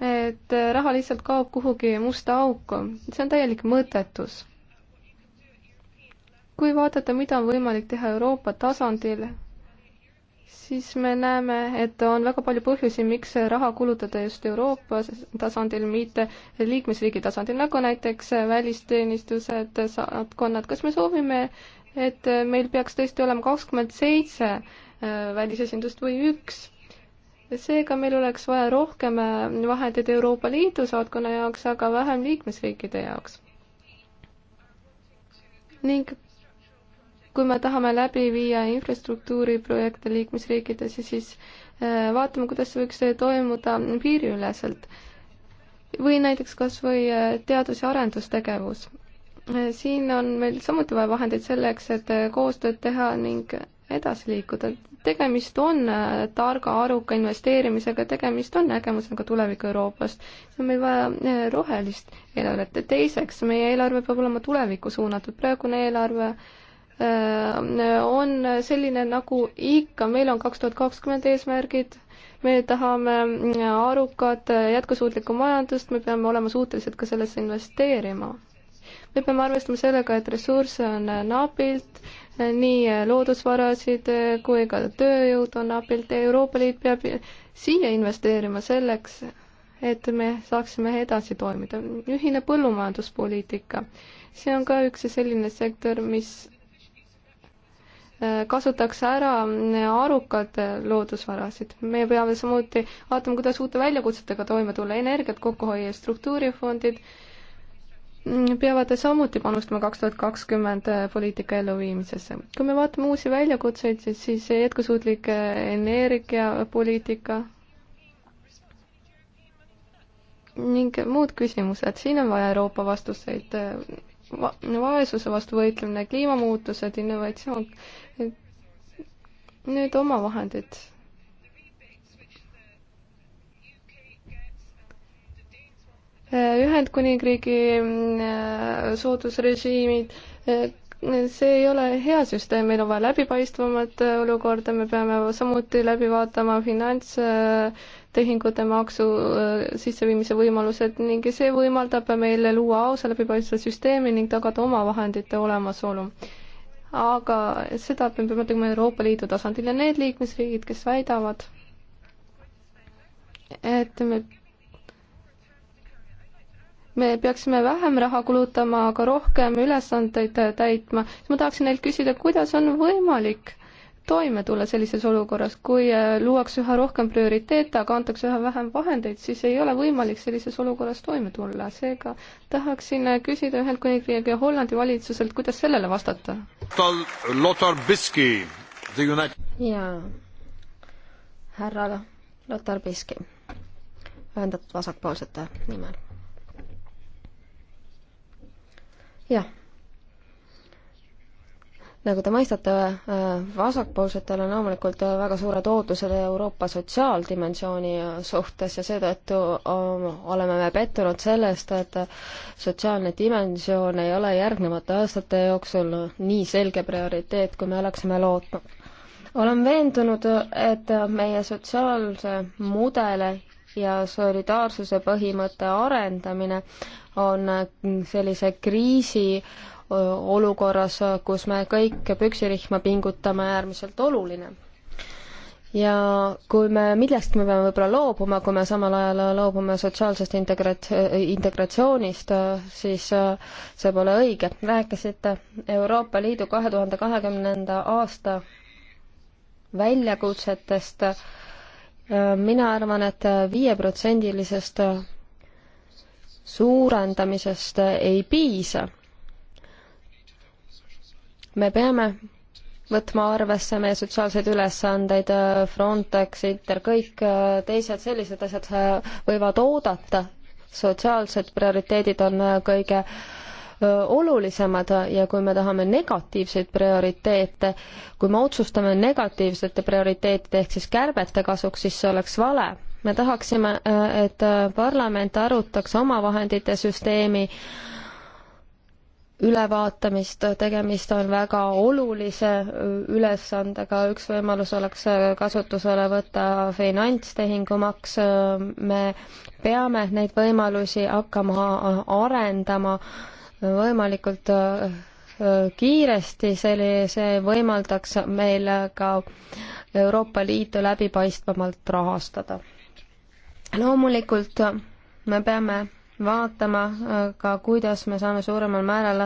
et raha lihtsalt kaob kuhugi musta auku, see on täielik mõttetus. kui vaadata, mida on võimalik teha Euroopa tasandil, siis me näeme, et on väga palju põhjusi, miks raha kulutada just Euroopa tasandil, mitte liikmesriigi tasandil, nagu näiteks välisteenistused, saatkonnad, kas me soovime, et meil peaks tõesti olema kakskümmend seitse äh, välisesindust või üks seega meil oleks vaja rohkem äh, vahendeid Euroopa Liidu saatkonna jaoks, aga vähem liikmesriikide jaoks. ning kui me tahame läbi viia infrastruktuuriprojekte liikmesriikides, siis äh, vaatame, kuidas see võiks toimuda piiriüleselt. või näiteks kas või äh, teadus- ja arendustegevus. siin on meil samuti vaja vahendeid selleks, et koostööd teha ning edasi liikuda tegemist on äh, targa, aruka investeerimisega, tegemist on nägemusega tuleviku Euroopast. see on meil vaja äh, rohelist eelarvet. teiseks, meie eelarve peab olema tulevikku suunatud. praegune eelarve äh, on selline, nagu ikka, meil on kaks tuhat kakskümmend eesmärgid, me tahame arukat jätkusuutlikku majandust, me peame olema suutelised ka sellesse investeerima. me peame arvestama sellega, et ressursse on napilt, nii loodusvarasid kui ka tööjõud on napilt ja Euroopa Liit peab siia investeerima selleks, et me saaksime edasi toimida. ühine põllumajanduspoliitika, see on ka üks selline sektor, mis äh, kasutaks ära arukad loodusvarasid. me peame samuti vaatama, kuidas uute väljakutsetega toime tulla, energiat kokku hoia, struktuurifondid äh,, peavad samuti panustama kaks tuhat kakskümmend poliitika elluviimisesse. kui me vaatame uusi väljakutseid, siis, siis jätkusuutlik energiapoliitika ning muud küsimused, siin on vaja Euroopa vastuseid Va. vaesuse vastu võitlemine, kliimamuutused, innovatsioon, nüüd omavahendid Ühendkuningriigi äh, soodusrežiimid, äh, see ei ole hea süsteem, meil on vaja läbipaistvamat äh, olukorda, me peame samuti läbi vaatama finantstehingute maksu sisseviimise võimalused ning see võimaldab meile luua ausa läbipaistva süsteemi ning tagada omavahendite olemasolu. aga seda me peame tegema Euroopa Liidu tasandil ja need liikmesriigid, kes väidavad, et me me peaksime vähem raha kulutama, aga rohkem ülesandeid täitma, siis ma tahaksin neilt küsida, kuidas on võimalik toime tulla sellises olukorras, kui äh, luuakse üha rohkem prioriteete, aga antakse üha vähem vahendeid, siis ei ole võimalik sellises olukorras toime tulla, seega tahaksin äh, küsida Ühendkuningriigi ja Hollandi valitsuselt, kuidas sellele vastata? jaa, härra Lotar Biski, Ühendatud Vasakpoolsete nimel jah. nagu te mõistate, äh, vasakpoolsetel on loomulikult äh, väga suured ootused Euroopa sotsiaaldimensiooni äh, suhtes ja seetõttu ähm, oleme me pettunud sellest, et sotsiaalne dimensioon ei ole järgnevate aastate jooksul nii selge prioriteet, kui me oleksime lootnud olen veendunud, et meie sotsiaalse mudeli ja solidaarsuse põhimõtte arendamine on sellise kriisi olukorras, kus me kõik püksirihma pingutame, äärmiselt oluline ja kui me, millest me peame võib-olla loobuma, kui me samal ajal loobume sotsiaalsest integrat-, integratsioonist, siis see pole õige. rääkisite Euroopa Liidu kahe tuhande kahekümnenda aasta väljakutsetest mina arvan et, et viieprotsendilisest suurendamisest ei piisa. me peame võtma arvesse meie sotsiaalseid ülesandeid, Frontex, Inter, kõik äh, teised sellised asjad äh, võivad oodata, sotsiaalsed prioriteedid on äh, kõige äh, olulisemad ja kui me tahame negatiivseid prioriteete, kui me otsustame negatiivsete prioriteetide ehk siis kärbete kasuks, siis see oleks vale. me tahaksime, et parlament arutaks omavahendite süsteemi ülevaatamist, tegemist on väga olulise ülesandega, üks võimalus oleks kasutusele võtta finantstehingumaks, me peame neid võimalusi hakkama arendama võimalikult äh, äh, kiiresti, selli-, see võimaldaks meil ka Euroopa Liitu läbipaistvamalt rahastada. loomulikult me peame vaatama äh, ka, kuidas me saame suuremal määral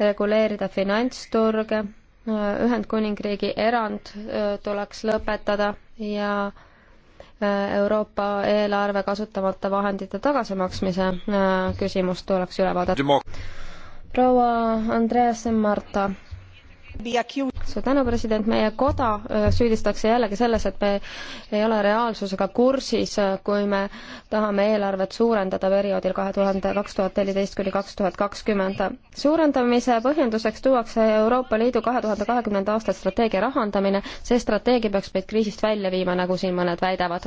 reguleerida finantsturge, Ühendkuningriigi erand tuleks lõpetada ja äh, Euroopa eelarve kasutamata vahendite tagasimaksmise äh, küsimust tuleks üle vaadata. proua Andreasen Marta suur tänu, president, meie koda äh, süüdistatakse jällegi selles, et me ei ole reaalsusega kursis, äh, kui me tahame eelarvet suurendada perioodil kahe tuhande, kaks tuhat neliteist kuni kaks tuhat kakskümmend. suurendamise põhjenduseks tuuakse Euroopa Liidu kahe tuhande kahekümnenda aasta strateegia rahandamine, see strateegia peaks meid kriisist välja viima, nagu siin mõned väidavad.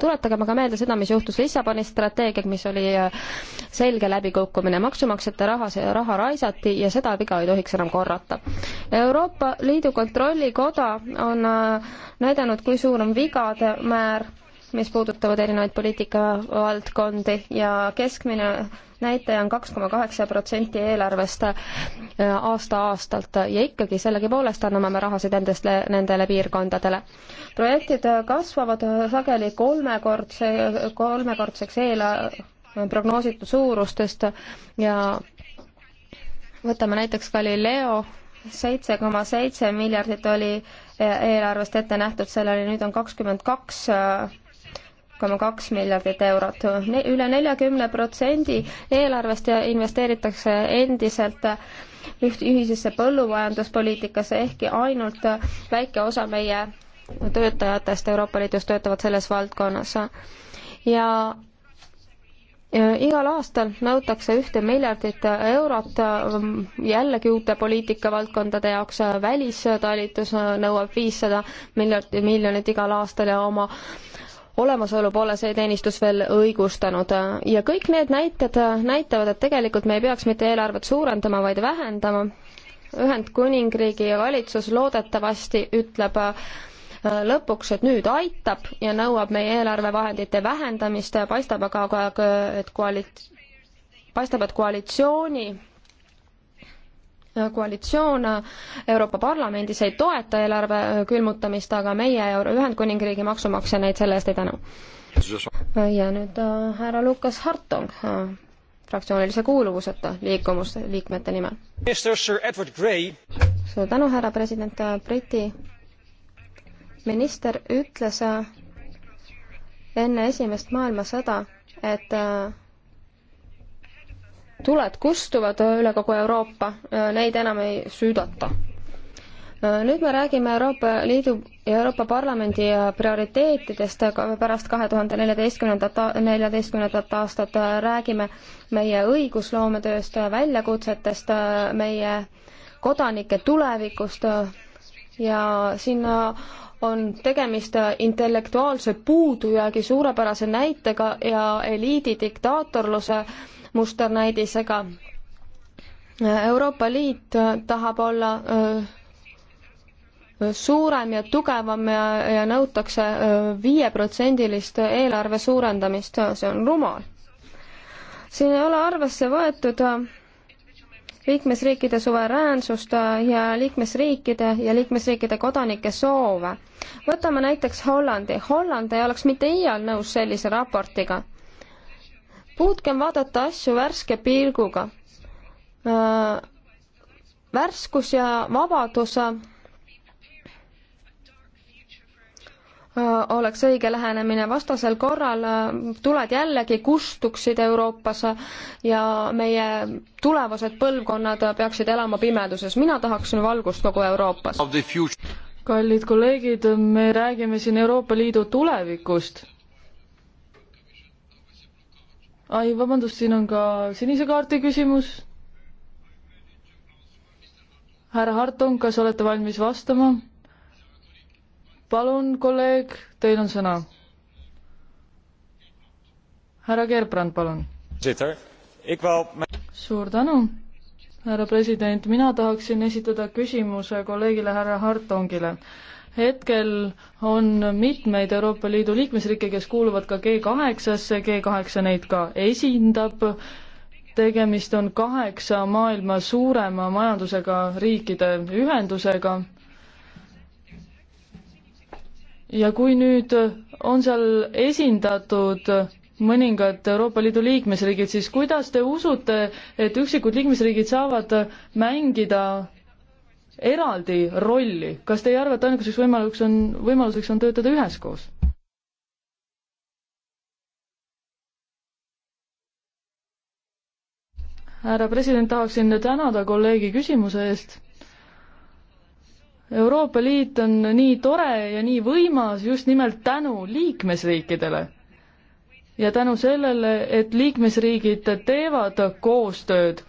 tuletagem aga meelde seda, mis juhtus Lissaboni strateegiaga, mis oli äh, selge läbikukkumine, maksumaksjate raha, raha raisati ja seda viga ei tohiks enam korrata Euroopa Liidu Kontrollikoda on äh, näidanud, kui suur on vigade määr, mis puudutavad erinevaid poliitikavaldkondi ja keskmine näitaja on kaks koma kaheksa protsenti eelarvest äh, aasta-aastalt ja ikkagi sellegipoolest anname me rahasid endast, nendele piirkondadele. projektid äh, kasvavad sageli kolmekordse, kolmekordseks eela-, prognoositud suurustest ja võtame näiteks Galileo seitse koma seitse miljardit oli eh, eelarvest ette nähtud, sellele nüüd on kakskümmend kaks eh, koma kaks miljardit eurot üle. üle neljakümne protsendi eelarvest investeeritakse endiselt eh, ühisesse põllumajanduspoliitikasse, ehkki ainult väike osa meie töötajatest Euroopa Liidus töötavad selles valdkonnas. ja igal aastal nõutakse ühte miljardit eurot ähm, jällegi uute poliitikavaldkondade jaoks, välistalitus äh, nõuab viissada miljardit, miljonit igal aastal ja oma olemasolu pole see teenistus veel õigustanud ja kõik need näited äh, näitavad, et tegelikult me ei peaks mitte eelarvet suurendama, vaid vähendama. Ühendkuningriigi valitsus loodetavasti ütleb äh, lõpuks, et nüüd aitab ja nõuab meie eelarvevahendite vähendamist, paistab aga, aga et koalit-, paistab, et koalitsiooni koalitsioon Euroopa Parlamendis ei toeta eelarve külmutamist, aga meie Ühendkuningriigi maksumaksja neid selle eest ei tänu. ja nüüd äh, härra Lukas Hartong äh, fraktsioonilise kuuluvuseta liikumus liikmete nimel. suur tänu, härra president, Briti minister ütles äh, enne esimest maailmasõda, et äh, tuled kustuvad üle kogu Euroopa, äh, neid enam ei süüdata. nüüd me räägime Euroopa Liidu ja Euroopa Parlamendi prioriteetidest pärast kahe tuhande neljateistkümnendat, neljateistkümnendat aastat, räägime meie õigusloometööst, väljakutsetest, meie kodanike tulevikust ja sinna on tegemist intellektuaalse puudujäägi suurepärase näitega ja eliidi diktaatorluse musternäidisega. Euroopa Liit tahab olla äh, suurem ja tugevam ja, ja nõutakse äh, viieprotsendilist eelarve suurendamist, see on rumal. siin ei ole arvesse võetud äh, liikmesriikide suveräänsust ja liikmesriikide ja liikmesriikide kodanike soove. võtame näiteks Hollandi. Holland ei oleks mitte iial nõus sellise raportiga. puutkem vaadata asju värske pilguga. Äh, värskus ja vabadus oleks õige lähenemine, vastasel korral tuled jällegi kustuksid Euroopas ja meie tulevased põlvkonnad peaksid elama pimeduses. mina tahaksin valgust kogu Euroopas. kallid kolleegid, me räägime siin Euroopa Liidu tulevikust. ai, vabandust, siin on ka sinise kaardi küsimus. härra Hartong, kas olete valmis vastama? palun, kolleeg, teil on sõna. härra Gerbrand, palun. suur tänu, härra president, mina tahaksin esitada küsimuse kolleegile härra Hartongile hetkel on mitmeid Euroopa Liidu liikmesriike, kes kuuluvad ka G8-sse, G8 neid ka esindab, tegemist on kaheksa maailma suurema majandusega riikide ühendusega ja kui nüüd on seal esindatud mõningad Euroopa Liidu liikmesriigid, siis kuidas te usute, et üksikud liikmesriigid saavad mängida eraldi rolli, kas te ei arva, et ainukeseks võimaluseks on, võimaluseks on töötada üheskoos? härra president, tahaksin tänada kolleegi küsimuse eest Euroopa Liit on nii tore ja nii võimas just nimelt tänu liikmesriikidele. ja tänu sellele, et liikmesriigid teevad koostööd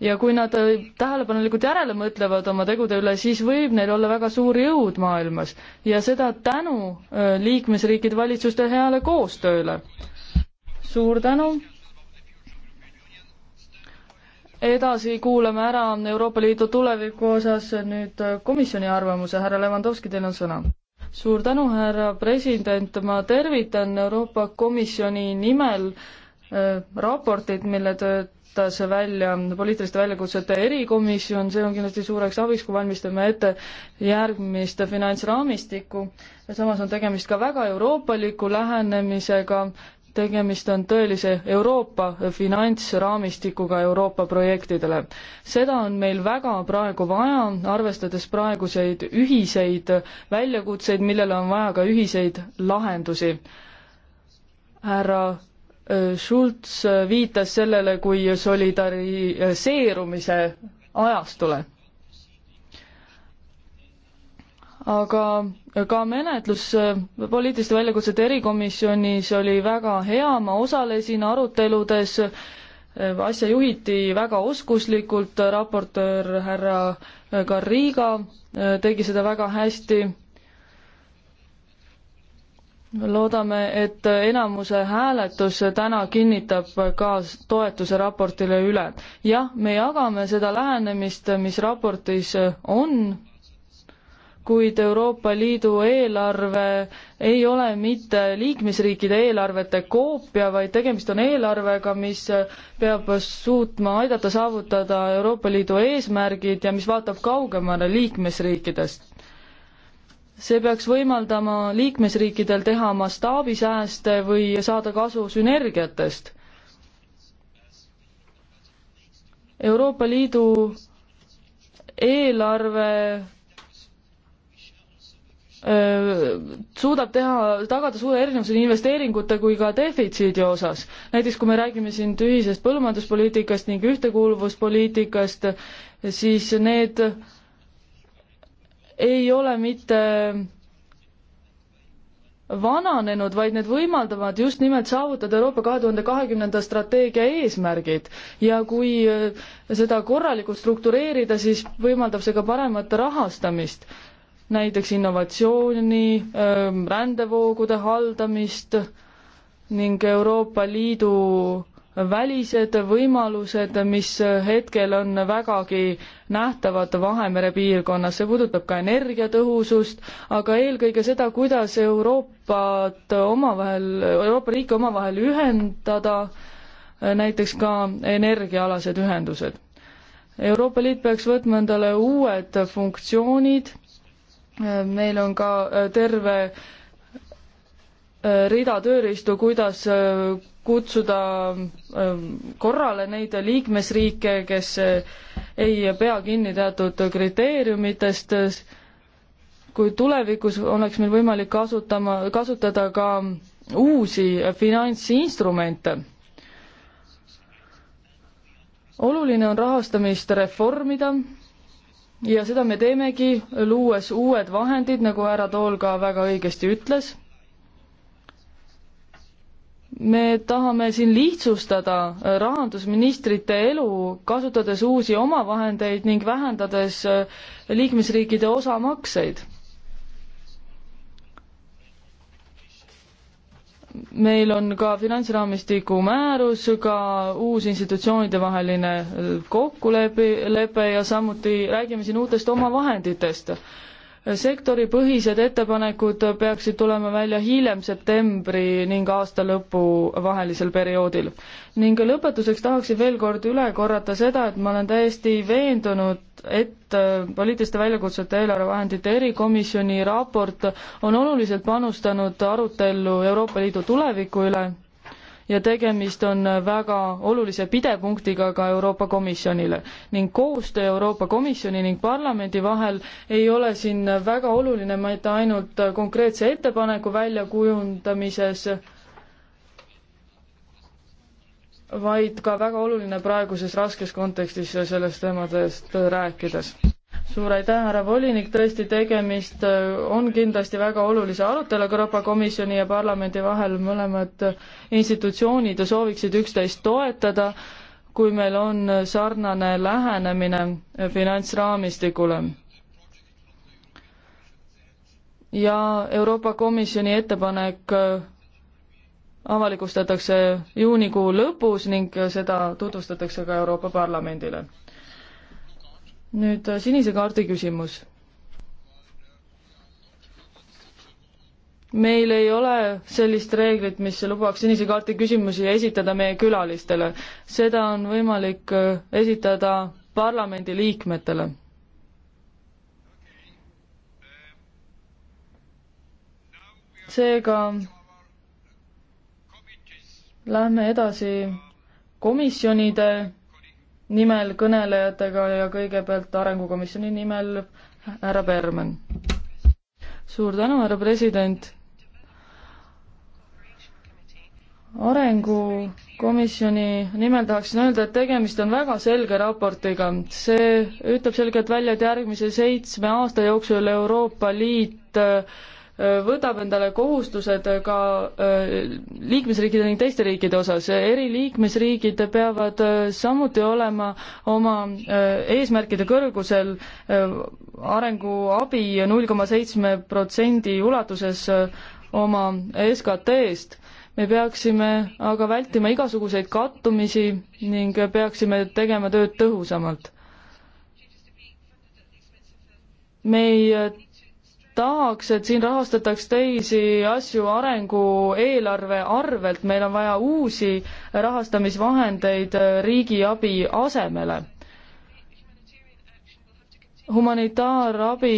ja kui nad tähelepanelikult järele mõtlevad oma tegude üle, siis võib neil olla väga suur jõud maailmas ja seda tänu äh, liikmesriikide valitsuste heale koostööle. suur tänu edasi kuulame ära Euroopa Liidu tuleviku osas nüüd komisjoni arvamuse, härra Levandovski, teil on sõna. suur tänu, härra president, ma tervitan Euroopa Komisjoni nimel äh, raportit, mille töötas välja poliitiliste väljakutsete erikomisjon, see on kindlasti suureks abiks, kui valmistame ette järgmist finantsraamistikku ja samas on tegemist ka väga euroopaliku lähenemisega äh, tegemist on tõelise Euroopa finantsraamistikuga Euroopa projektidele. seda on meil väga praegu vaja, arvestades praeguseid ühiseid väljakutseid, millele on vaja ka ühiseid lahendusi. härra äh, Schulz viitas sellele kui solidariseerumise ajastule aga ka menetlus poliitiliste väljakutsete erikomisjonis oli väga hea, ma osalesin aruteludes, asja juhiti väga oskuslikult, raportöör härra Garriga äh, tegi seda väga hästi. loodame, et enamuse hääletus täna kinnitab ka toetuse raportile üle. jah, me jagame seda lähenemist, mis raportis on kuid Euroopa Liidu eelarve ei ole mitte liikmesriikide eelarvete koopia, vaid tegemist on eelarvega, mis peab suutma aidata saavutada Euroopa Liidu eesmärgid ja mis vaatab kaugemale liikmesriikidest. see peaks võimaldama liikmesriikidel teha mastaabisääste või saada kasu sünergiatest. Euroopa Liidu eelarve suudab teha, tagada suure erinevuse nii investeeringute kui ka defitsiidi osas. näiteks kui me räägime siin ühisest põllumajanduspoliitikast ning ühtekuuluvuspoliitikast, siis need ei ole mitte vananenud, vaid need võimaldavad just nimelt saavutada Euroopa kahe tuhande kahekümnenda strateegia eesmärgid. ja kui seda korralikult struktureerida, siis võimaldab see ka paremat rahastamist näiteks innovatsiooni, ähm, rändevoogude haldamist ning Euroopa Liidu välised võimalused, mis hetkel on vägagi nähtavad Vahemere piirkonnas, see puudutab ka energiatõhusust, aga eelkõige seda, kuidas Euroopat omavahel, Euroopa riike omavahel ühendada, äh, näiteks ka energiaalased ühendused. Euroopa Liit peaks võtma endale uued funktsioonid meil on ka äh, terve äh, rida tööriistu, kuidas äh, kutsuda korrale neid liikmesriike, kes ei pea kinni teatud kriteeriumitest, kui tulevikus oleks meil võimalik kasutama, kasutada ka uusi finantsinstrumente. oluline on rahastamist reformida ja seda me teemegi, luues uued vahendid, nagu härra Tool ka väga õigesti ütles. me tahame siin lihtsustada äh, rahandusministrite elu, kasutades uusi omavahendeid ning vähendades äh, liikmesriikide osamakseid meil on ka finantsraamistiku määrus, ka uus institutsioonide vaheline kokkulepe ja samuti räägime siin uutest omavahenditest sektoripõhised ettepanekud peaksid tulema välja hiljem septembri ning aasta lõpu vahelisel perioodil. ning lõpetuseks tahaksin veel kord üle korrata seda, et ma olen täiesti veendunud, et äh, poliitiliste väljakutsete eelarvevahendite erikomisjoni raport on oluliselt panustanud arutellu Euroopa Liidu tuleviku üle ja tegemist on väga olulise pidepunktiga ka Euroopa Komisjonile. ning koostöö Euroopa Komisjoni ning parlamendi vahel ei ole siin väga oluline mitte ainult konkreetse ettepaneku väljakujundamises, vaid ka väga oluline praeguses raskes kontekstis sellest teemadest rääkides suur aitäh, härra volinik, tõesti tegemist äh, on kindlasti väga olulise aruteluga Euroopa Komisjoni ja parlamendi vahel, mõlemad institutsioonid sooviksid üksteist toetada, kui meil on sarnane lähenemine finantsraamistikule. ja Euroopa Komisjoni ettepanek äh, avalikustatakse juunikuu lõpus ning äh, seda tutvustatakse ka Euroopa Parlamendile nüüd äh, sinise kaardi küsimus. meil ei ole sellist reeglit, mis lubaks sinise kaardi küsimusi esitada meie külalistele. seda on võimalik äh, esitada parlamendiliikmetele seega lähme edasi komisjonide nimel kõnelejatega ja kõigepealt Arengukomisjoni nimel härra Berman. suur tänu, härra president. arengukomisjoni nimel tahaksin öelda, et tegemist on väga selge raportiga. see ütleb selgelt välja, et järgmise seitsme aasta jooksul Euroopa Liit äh, võtab endale kohustused ka äh, liikmesriikide ning teiste riikide osas. eri liikmesriigid peavad äh, samuti olema oma äh, eesmärkide kõrgusel arenguabi null koma seitsme protsendi ulatuses oma SKT-st me peaksime aga vältima igasuguseid kattumisi ning peaksime tegema tööd tõhusamalt. me ei tahaks, et siin rahastataks teisi asju arengueelarve arvelt, meil on vaja uusi rahastamisvahendeid riigiabi asemele. humanitaarabi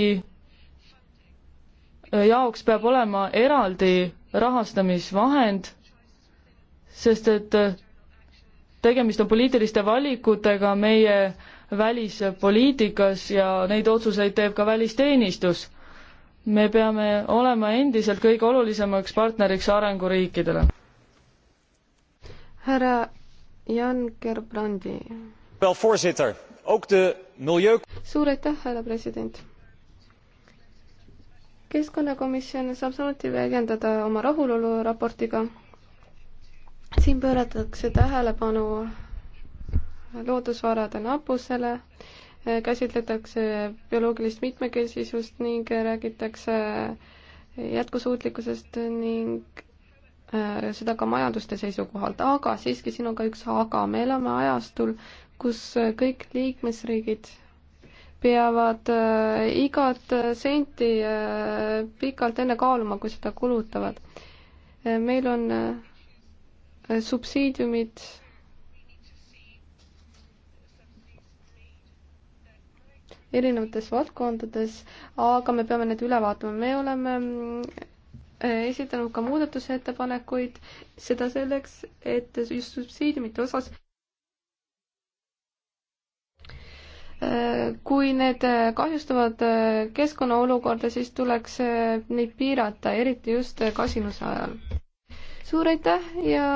jaoks peab olema eraldi rahastamisvahend, sest et tegemist on poliitiliste valikutega meie välispoliitikas ja neid otsuseid teeb ka välisteenistus me peame olema endiselt kõige olulisemaks partneriks arenguriikidele. härra Jan Gerbrandi. suur aitäh, härra president keskkonnakomisjon saab samuti väljendada oma rahulolu raportiga. siin pööratakse tähelepanu loodusvarade napusele Äh, käsitletakse bioloogilist mitmekesisust ning räägitakse äh, jätkusuutlikkusest ning äh, seda ka majanduste seisukohalt, aga siiski siin on ka üks aga, me elame ajastul, kus kõik liikmesriigid peavad igat senti pikalt enne kaaluma, kui seda kulutavad. meil on subsiidiumid erinevates valdkondades, aga me peame need üle vaatama, me oleme mm, eh, esitanud ka muudatusettepanekuid, seda selleks, et just subsiidiumite osas eh, kui need eh, kahjustavad keskkonna olukorda, siis tuleks neid piirata, eriti just kasinuse ajal. suur aitäh ja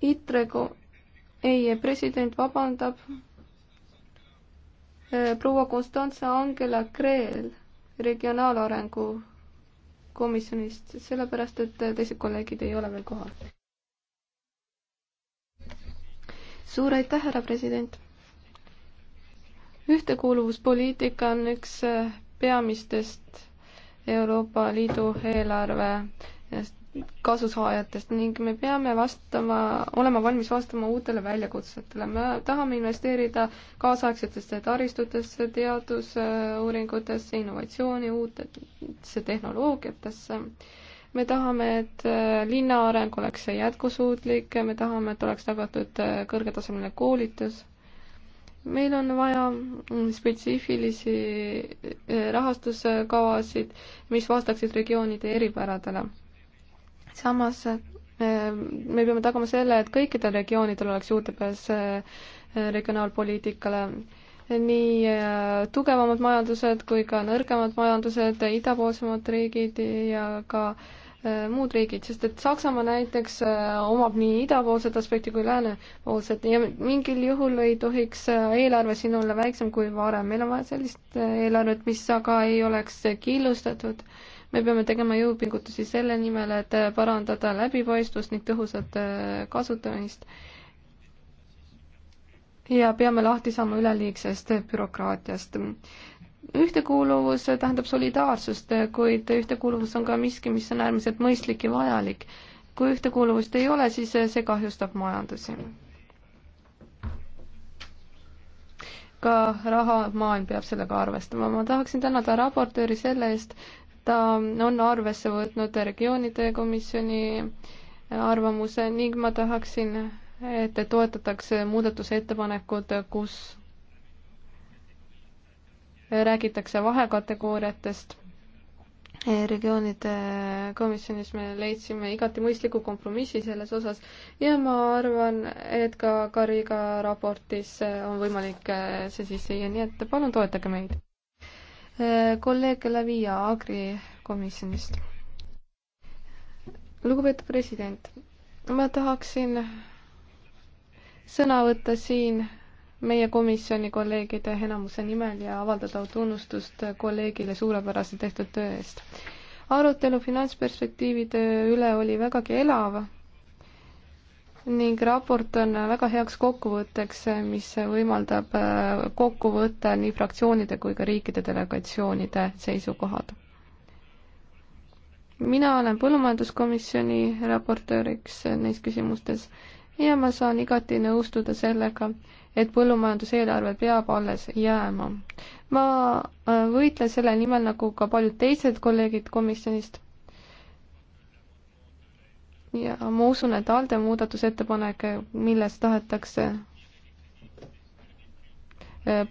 ITRE ko-, ei, president vabandab. Äh, proua Konstantse Angela Kreel regionaalarengu komisjonist, sellepärast et äh, teised kolleegid ei ole veel kohal. suur aitäh, härra president! ühtekuuluvuspoliitika on üks äh, peamistest Euroopa Liidu eelarve kasusaajatest ning me peame vastama, olema valmis vastama uutele väljakutsetele. me tahame investeerida kaasaegsetesse taristutesse, teadusuuringutesse, innovatsiooni, uutesse tehnoloogiatesse. me tahame, et linna areng oleks jätkusuutlik, me tahame, et oleks tagatud kõrgetasemeline koolitus. meil on vaja spetsiifilisi eh, rahastuskavasid, mis vastaksid regioonide eripäradele samas me peame tagama selle, et kõikidel regioonidel oleks juurdepääs äh, regionaalpoliitikale. nii äh, tugevamad majandused kui ka nõrgemad majandused, idapoolsemad riigid ja ka äh, muud riigid, sest et Saksamaa näiteks omab nii idapoolset aspekti kui läänepoolset ja mingil juhul ei tohiks eelarve siin olla väiksem kui varem, meil on vaja sellist eelarvet, mis aga ei oleks killustatud äh, me peame tegema jõupingutusi selle nimel, et parandada läbipaistvust ning tõhusat äh, kasutamist. ja peame lahti saama üleliigsest bürokraatiast. ühtekuuluvus tähendab solidaarsust, kuid ühtekuuluvus on ka miski, mis on äärmiselt mõistlik ja vajalik. kui ühtekuuluvust ei ole, siis see kahjustab majandusi. ka raha, maailm peab sellega arvestama. ma tahaksin tänada raportööri selle eest, ta on arvesse võtnud regioonide komisjoni arvamuse ning ma tahaksin, et toetatakse muudatusettepanekud, kus räägitakse vahekategooriatest. regioonide komisjonis me leidsime igati mõistliku kompromissi selles osas ja ma arvan, et ka Kariga raportis on võimalik see sisse viia, nii et palun toetage meid. Äh, kolleeg Lavia Agri komisjonist. lugupeetud president, ma tahaksin sõna võtta siin meie komisjoni kolleegide enamuse nimel ja avaldada tunnustust kolleegile suurepärase tehtud töö eest. arutelu finantsperspektiivide üle oli vägagi elav ning raport on väga heaks kokkuvõtteks, mis võimaldab äh, kokku võtta nii fraktsioonide kui ka riikide delegatsioonide seisukohad. mina olen põllumajanduskomisjoni raportööriks neis küsimustes ja ma saan igati nõustuda sellega, et põllumajanduseelarve peab alles jääma. ma äh, võitlen selle nimel, nagu ka paljud teised kolleegid komisjonist ja ma usun, et ALDE muudatusettepanek, milles tahetakse äh,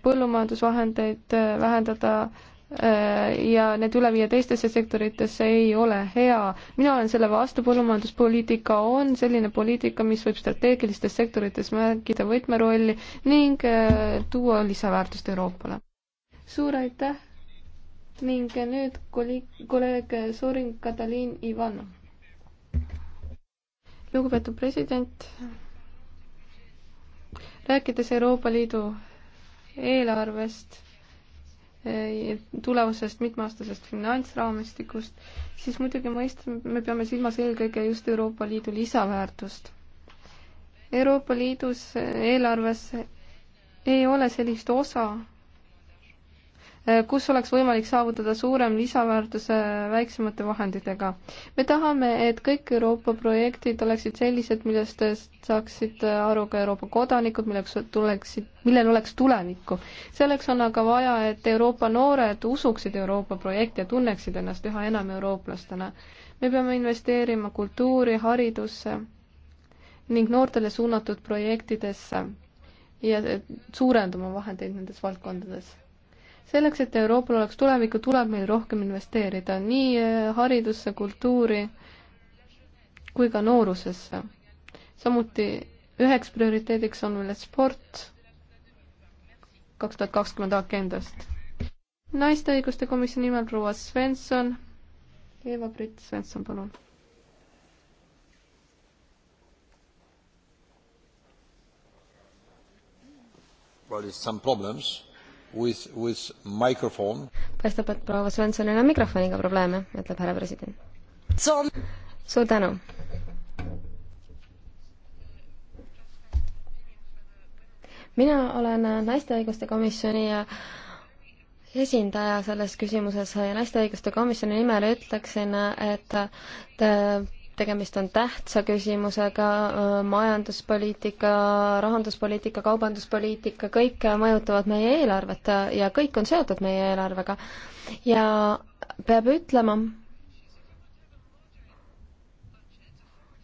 põllumajandusvahendeid äh, vähendada äh, ja need üle viia teistesse sektoritesse ei ole hea. mina olen selle vastu, põllumajanduspoliitika on selline poliitika, mis võib strateegilistes sektorites mängida võtmerolli ning tuua lisaväärtust Euroopale. suur aitäh ning nüüd kolleeg, kolleeg Sorin Katalin Ivanov lugupeetud president, rääkides Euroopa Liidu eelarvest, eh, tulevasest mitmeaastasest finantsraamistikust, siis muidugi mõistame, me peame silmas eelkõige just Euroopa Liidu lisaväärtust. Euroopa Liidus eelarves ei ole sellist osa, Äh, kus oleks võimalik saavutada suurem lisaväärtuse äh, väiksemate vahenditega. me tahame, et kõik Euroopa projektid oleksid sellised, millest äh, saaksid aru ka Euroopa kodanikud, milleks tuleksid, millel oleks tulevikku. selleks on aga vaja, et Euroopa noored usuksid Euroopa projekti ja tunneksid ennast üha enam eurooplastena. me peame investeerima kultuuri, haridusse ning noortele suunatud projektidesse ja suurendama vahendeid nendes valdkondades selleks, et Euroopal oleks tulevikku, tuleb meil rohkem investeerida nii eh, haridusse, kultuuri kui ka noorusesse. samuti üheks prioriteediks on meil sport kaks tuhat kakskümmend agendast. naiste õiguste komisjoni nimel proua Svensson. Eva-Britt Svensson, palun. Well, it's some problems With, with paistab, et proua Svenssonil on mikrofoniga probleeme, ütleb härra president. suur tänu. mina olen naiste õiguste komisjoni esindaja selles küsimuses ja naiste õiguste komisjoni nimel ütleksin, et tegemist on tähtsa küsimusega, äh, majanduspoliitika, rahanduspoliitika, kaubanduspoliitika, kõik mõjutavad meie eelarvet äh, ja kõik on seotud meie eelarvega. ja peab ütlema,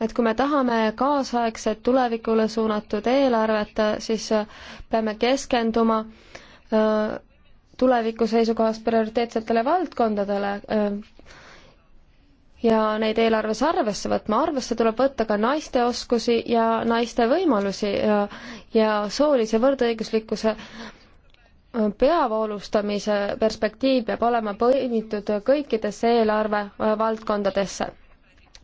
et kui me tahame kaasaegset tulevikule suunatud eelarvet, äh, siis peame keskenduma tuleviku seisukohast prioriteetsetele valdkondadele, ja neid eelarves arvesse võtma. arvesse tuleb võtta ka naiste oskusi ja naiste võimalusi ja, ja soolise võrdõiguslikkuse äh, peavoolustamise perspektiiv peab olema põimitud kõikidesse eelarve äh, valdkondadesse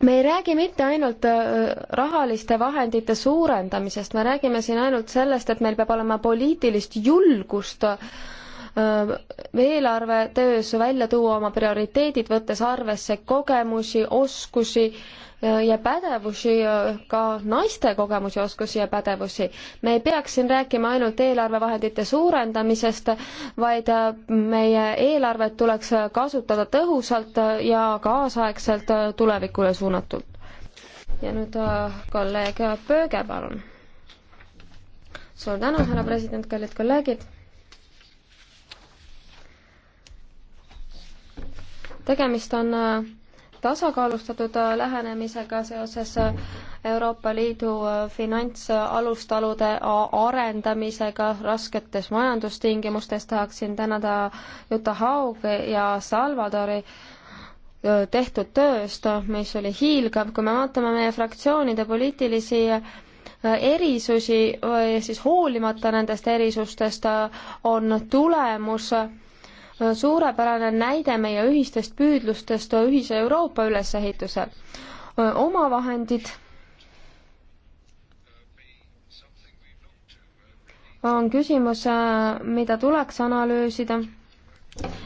me ei räägi mitte ainult äh, rahaliste vahendite suurendamisest, me räägime siin ainult sellest, et meil peab olema poliitilist julgust äh, Äh, eelarvetöös välja tuua oma prioriteedid, võttes arvesse kogemusi, oskusi äh, ja pädevusi, äh, ka naiste kogemusi, oskusi ja pädevusi. me ei peaks siin rääkima ainult eelarvevahendite suurendamisest, vaid meie eelarvet tuleks kasutada tõhusalt ja kaasaegselt tulevikule suunatult. ja nüüd kolleeg Pööge, palun. suur tänu, härra president, kallid kolleegid tegemist on äh, tasakaalustatud äh, lähenemisega seoses äh, Euroopa Liidu finantsalustalude arendamisega rasketes majandustingimustes tahaksin tänada Juta Haugi ja Salvadori tehtud tööst, mis oli hiilgav, kui me vaatame meie fraktsioonide poliitilisi erisusi või siis hoolimata nendest erisustest on tulemus suurepärane näide meie ühistest püüdlustest ühise Euroopa ülesehitusel. omavahendid on küsimus, mida tuleks analüüsida.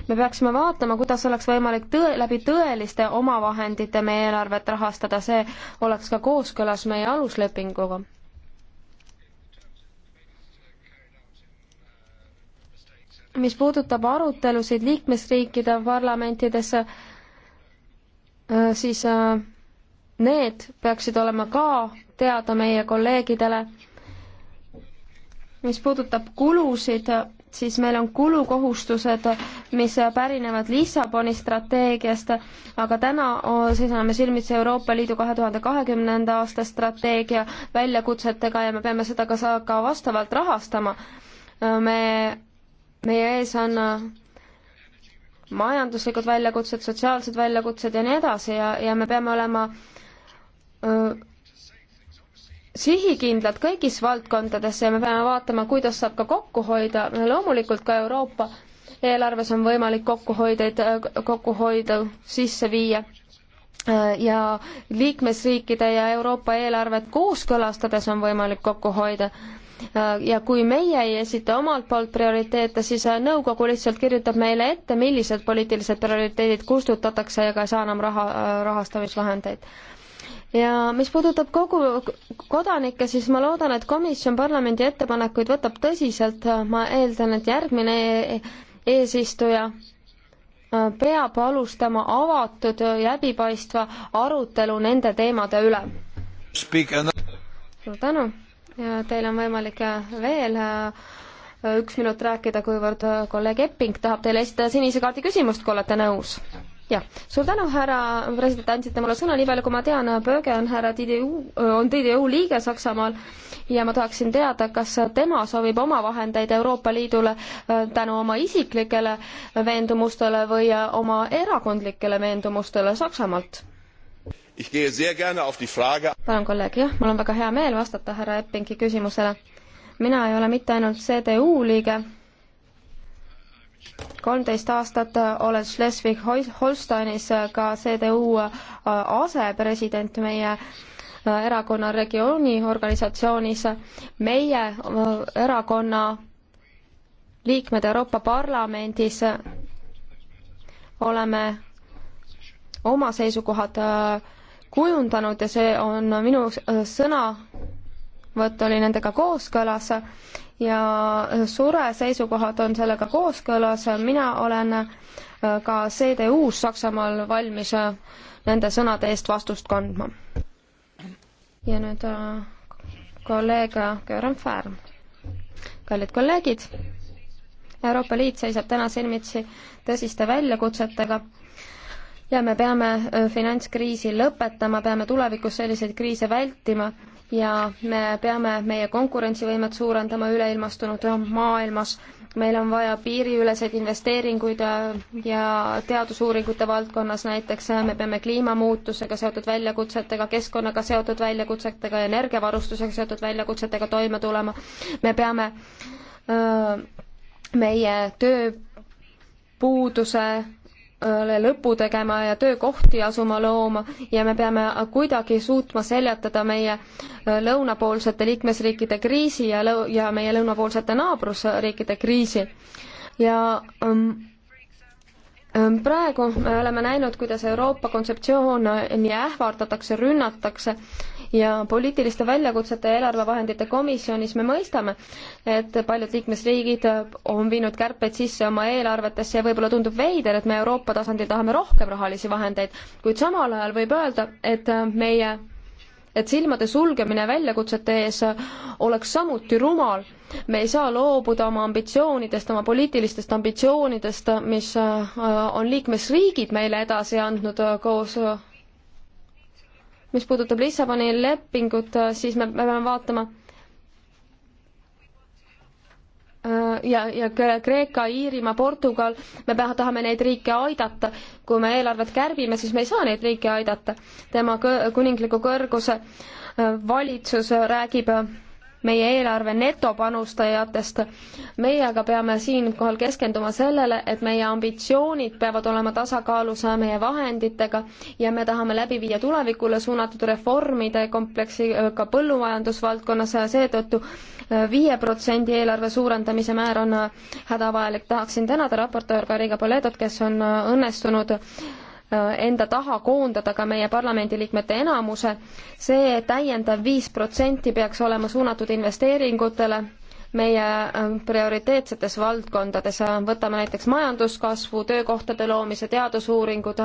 me peaksime vaatama, kuidas oleks võimalik tõe, läbi tõeliste omavahendite meie eelarvet rahastada, see oleks ka kooskõlas meie aluslepinguga mis puudutab arutelusid liikmesriikide parlamentides, äh, siis äh, need peaksid olema ka teada meie kolleegidele. mis puudutab kulusid, siis meil on kulukohustused, mis pärinevad Lissaboni strateegiast, aga täna äh, seisame silmitsi Euroopa Liidu kahe tuhande kahekümnenda aasta strateegia väljakutsetega ja me peame seda ka, ka vastavalt rahastama. me meie ees on äh, majanduslikud väljakutsed, sotsiaalsed väljakutsed ja nii edasi ja, ja me peame olema öö, äh, sihikindlad kõigis valdkondades ja me peame vaatama, kuidas saab ka kokku hoida, loomulikult ka Euroopa eelarves on võimalik kokkuhoideid, äh, kokkuhoidu sisse viia ja liikmesriikide ja Euroopa eelarvet kooskõlastades on võimalik kokku hoida Äh, ja kui meie ei esita omalt poolt prioriteete, siis äh, nõukogu lihtsalt kirjutab meile ette, millised poliitilised prioriteedid kustutatakse ega ei saa enam raha, äh, rahastamisvahendeid ja mis puudutab kogu kodanikke, siis ma loodan, et komisjon parlamendi ettepanekuid võtab tõsiselt, ma eeldan, et järgmine e-, eesistuja peab alustama avatud ja läbipaistva arutelu nende teemade üle. suur tänu! ja teil on võimalik veel äh, üks minut rääkida, kuivõrd äh, kolleeg Epping tahab teile esitada sinise kaardi küsimust, kui olete nõus. jah, suur tänu, härra president, andsite mulle sõna, nii palju kui ma tean, Böge on härra TDU, äh, on TDU liige Saksamaal ja ma tahaksin teada, kas tema soovib oma vahendeid Euroopa Liidule tänu oma isiklikele veendumustele või oma erakondlikele veendumustele Saksamaalt palun, kolleeg, jah, mul on väga hea meel vastata härra Eppingi küsimusele. mina ei ole mitte ainult CDU liige, kolmteist aastat äh, olen Schleswig-Holsteinis äh, ka CDU äh, asepresident meie erakonna regiooni organisatsioonis. meie erakonna liikmed Euroopa Parlamendis oleme oma seisukohad äh, kujundanud ja see on minu äh, sõnavõtt oli nendega kooskõlas ja Sure seisukohad on sellega kooskõlas, mina olen äh, ka CDU-s Saksamaal valmis äh, nende sõnade eest vastust kandma. ja nüüd kolleeg Göran Färm. kallid kolleegid, Euroopa Liit seisab täna silmitsi tõsiste väljakutsetega ja me peame finantskriisi lõpetama, peame tulevikus selliseid kriise vältima ja me peame meie konkurentsivõimet suurendama üleilmastunud maailmas. meil on vaja piiriüleseid investeeringuid ja teadusuuringute valdkonnas näiteks me peame kliimamuutusega seotud väljakutsetega, keskkonnaga seotud väljakutsetega, energiavarustusega seotud väljakutsetega toime tulema. me peame öö, meie tööpuuduse Äh, lõpu tegema ja töökohti asuma looma ja me peame kuidagi suutma seljatada meie äh, lõunapoolsete liikmesriikide kriisi ja lõu- ja meie lõunapoolsete naabrusriikide kriisi. ja ähm, ähm praegu me oleme näinud, kuidas Euroopa kontseptsiooni äh, ähvardatakse, rünnatakse äh, ja poliitiliste väljakutsete ja eelarvevahendite komisjonis me mõistame, et paljud liikmesriigid on viinud kärpeid sisse oma eelarvetesse ja võib-olla tundub veider, et me Euroopa tasandil tahame rohkem rahalisi vahendeid, kuid samal ajal võib öelda, et meie et silmade sulgemine väljakutsete ees oleks samuti rumal. me ei saa loobuda oma ambitsioonidest, oma poliitilistest ambitsioonidest, mis äh, on liikmesriigid meile edasi andnud äh, koos mis puudutab Lissaboni lepingut, siis me peame vaatama äh, ja, ja Kreeka, Iirimaa, Portugal, me tahame neid riike aidata. kui me eelarvet kärbime, siis me ei saa neid riike aidata. tema kuninglikku kõrguse äh, valitsus räägib äh, meie eelarve netopanustajatest. meie aga peame siinkohal keskenduma sellele, et meie ambitsioonid peavad olema tasakaalus meie vahenditega ja me tahame läbi viia tulevikule suunatud reformide kompleksi äh, ka põllumajandusvaldkonnas ja seetõttu äh, viie protsendi eelarve suurendamise määr on äh, hädavajalik. tahaksin tänada raportöör Kariga Poledot, kes on õnnestunud Äh, enda taha koondada ka meie parlamendiliikmete enamuse. see täiendav viis protsenti peaks olema suunatud investeeringutele meie äh, prioriteetsetes valdkondades, võtame näiteks majanduskasvu, töökohtade loomise, teadusuuringud,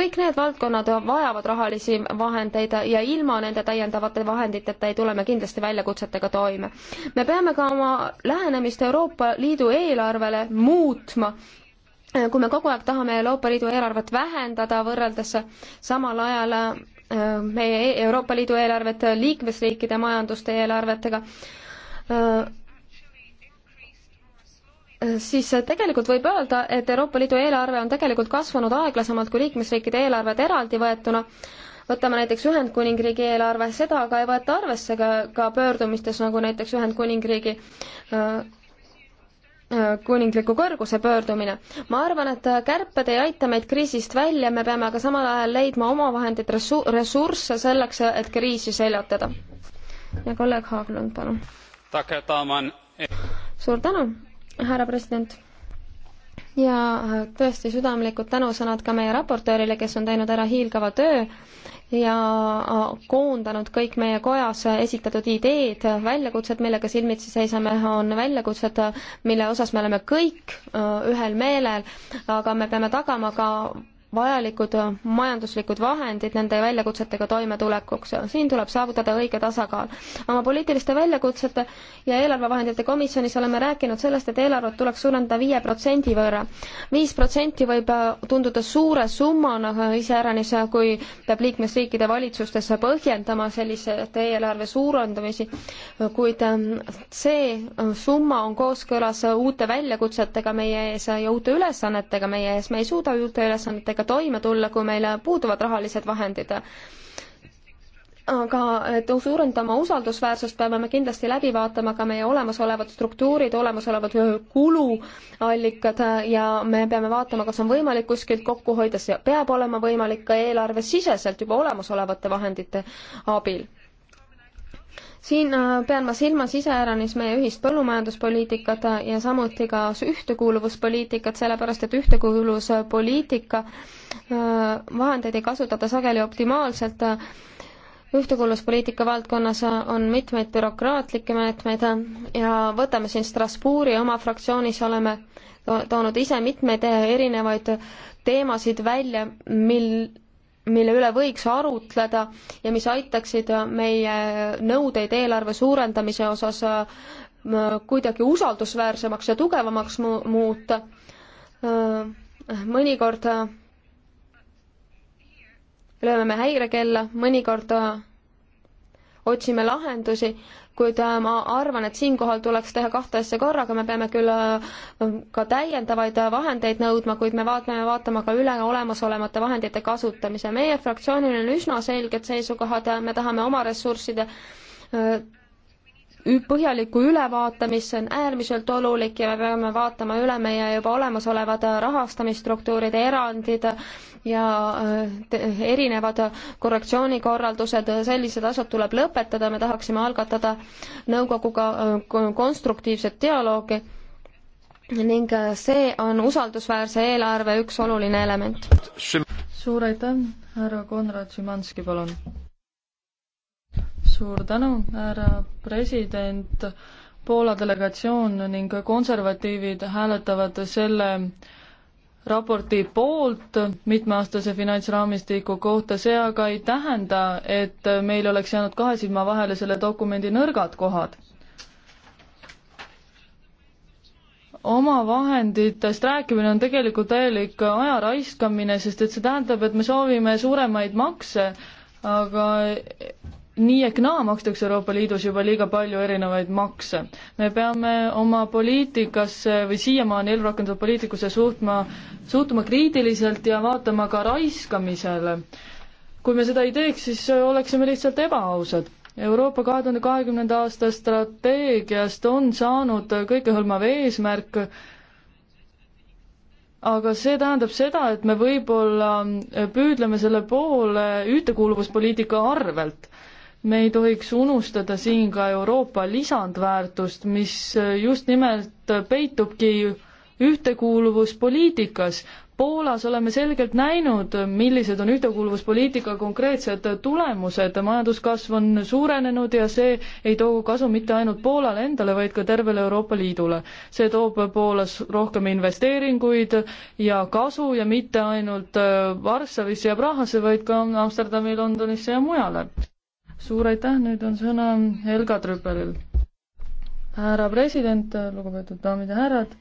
kõik need valdkonnad vajavad rahalisi vahendeid ja ilma nende täiendavate vahenditeta ei tule me kindlasti väljakutsetega toime. me peame ka oma lähenemist Euroopa Liidu eelarvele muutma Äh, kui me kogu aeg tahame Euroopa Liidu eelarvet vähendada võrreldes samal ajal äh, meie e-, Euroopa Liidu eelarvet liikmesriikide majanduste eelarvetega, äh, siis tegelikult võib öelda, et Euroopa Liidu eelarve on tegelikult kasvanud aeglasemalt kui liikmesriikide eelarved eraldi võetuna. võtame näiteks Ühendkuningriigi eelarve, seda aga ei võeta arvesse ka, ka pöördumistes, nagu näiteks Ühendkuningriigi äh, Äh, kuningliku kõrguse pöördumine. ma arvan, et äh, kärped ei aita meid kriisist välja, me peame aga samal ajal leidma omavahendeid ressu-, ressursse selleks, et kriisi seljatada. ja kolleeg Haaglund, palun. suur tänu, härra president. ja äh, tõesti südamlikud tänusõnad ka meie raportöörile, kes on teinud ära hiilgava töö ja äh, koondanud kõik meie kojas esitatud ideed, väljakutsed, millega silmitsi seisame, on väljakutsed, mille osas me oleme kõik äh, ühel meelel, aga me peame tagama ka vajalikud äh, majanduslikud vahendid nende väljakutsetega toimetulekuks. siin tuleb saavutada õige tasakaal. oma poliitiliste väljakutsete ja eelarvevahendite komisjonis oleme rääkinud sellest, et eelarvet tuleks suurendada viie protsendi võrra. viis protsenti võib äh, tunduda suure summana äh, iseäranis, kui peab liikmesriikide valitsustes põhjendama selliseid eelarve suurendamisi, kuid see summa on kooskõlas uute väljakutsetega meie ees ja uute ülesannetega meie ees. me ei suuda uute ülesannetega nendega toime tulla, kui meil puuduvad rahalised vahendid aga et suurendama usaldusväärsust, peame me kindlasti läbi vaatama ka meie olemasolevad struktuurid, olemasolevad kuluallikad ja me peame vaatama, kas on võimalik kuskilt kokku hoida, see peab olema võimalik ka eelarvesiseselt juba olemasolevate vahendite abil siin äh, pean ma silmas iseäranis meie ühist põllumajanduspoliitikat ja samuti ka ühtekuuluvuspoliitikat, sellepärast et ühtekuuluvuspoliitika äh, vahendeid ei kasutata sageli optimaalselt. ühtekuuluvuspoliitika valdkonnas on mitmeid bürokraatlikke meetmeid ja võtame siin Strasbourgi oma fraktsioonis oleme toonud ise mitmeid erinevaid teemasid välja, mil mille üle võiks arutleda ja mis aitaksid meie nõudeid eelarve suurendamise osas äh, kuidagi usaldusväärsemaks ja tugevamaks mu muuta. Äh, mõnikord äh, lööme me häirekella, mõnikord otsime lahendusi, kuid äh, ma arvan, et siinkohal tuleks teha kahte asja korraga, me peame küll äh, ka täiendavaid vahendeid nõudma, kuid me vaatame, vaatame ka üle olemasolevate vahendite kasutamise. meie fraktsioonil on üsna selged seisukohad, me tahame oma ressursside äh, põhjaliku ülevaate, mis on äärmiselt olulik ja me peame vaatama üle meie juba olemasolevad rahastamisstruktuurid, erandid ja äh, erinevad korrektsioonikorraldused, sellised asjad tuleb lõpetada, me tahaksime algatada nõukoguga äh, konstruktiivset dialoogi ning äh, see on usaldusväärse eelarve üks oluline element. suur aitäh, härra Konrad Šimanski, palun! suur tänu, härra president. Poola delegatsioon ning konservatiivid hääletavad selle raporti poolt mitmeaastase finantsraamistiku kohta, see aga ei tähenda, et meil oleks jäänud kahe silma vahele selle dokumendi nõrgad kohad omavahenditest rääkimine on tegelikult täielik aja raiskamine, sest et see tähendab, et me soovime suuremaid makse, aga nii ehk naa makstakse Euroopa Liidus juba liiga palju erinevaid makse. me peame oma poliitikasse või siiamaani ellu rakendatud poliitikusse suhtma, suhtuma kriitiliselt ja vaatama ka raiskamisele. kui me seda ei teeks, siis oleksime lihtsalt ebaausad. Euroopa kahe tuhande kahekümnenda aasta strateegiast on saanud kõikehõlmav eesmärk, aga see tähendab seda, et me võib-olla püüdleme selle poole ühtekuuluvuspoliitika arvelt me ei tohiks unustada siin ka Euroopa lisandväärtust, mis just nimelt peitubki ühtekuuluvuspoliitikas. Poolas oleme selgelt näinud, millised on ühtekuuluvuspoliitika konkreetsed tulemused, majanduskasv on suurenenud ja see ei too kasu mitte ainult Poolale endale, vaid ka tervele Euroopa Liidule. see toob Poolas rohkem investeeringuid ja kasu ja mitte ainult Varssavisse ja Prahasse, vaid ka Amsterdami, Londonisse ja mujale suur aitäh, nüüd on sõna Helga Trüppelil. härra president, lugupeetud daamid ja härrad,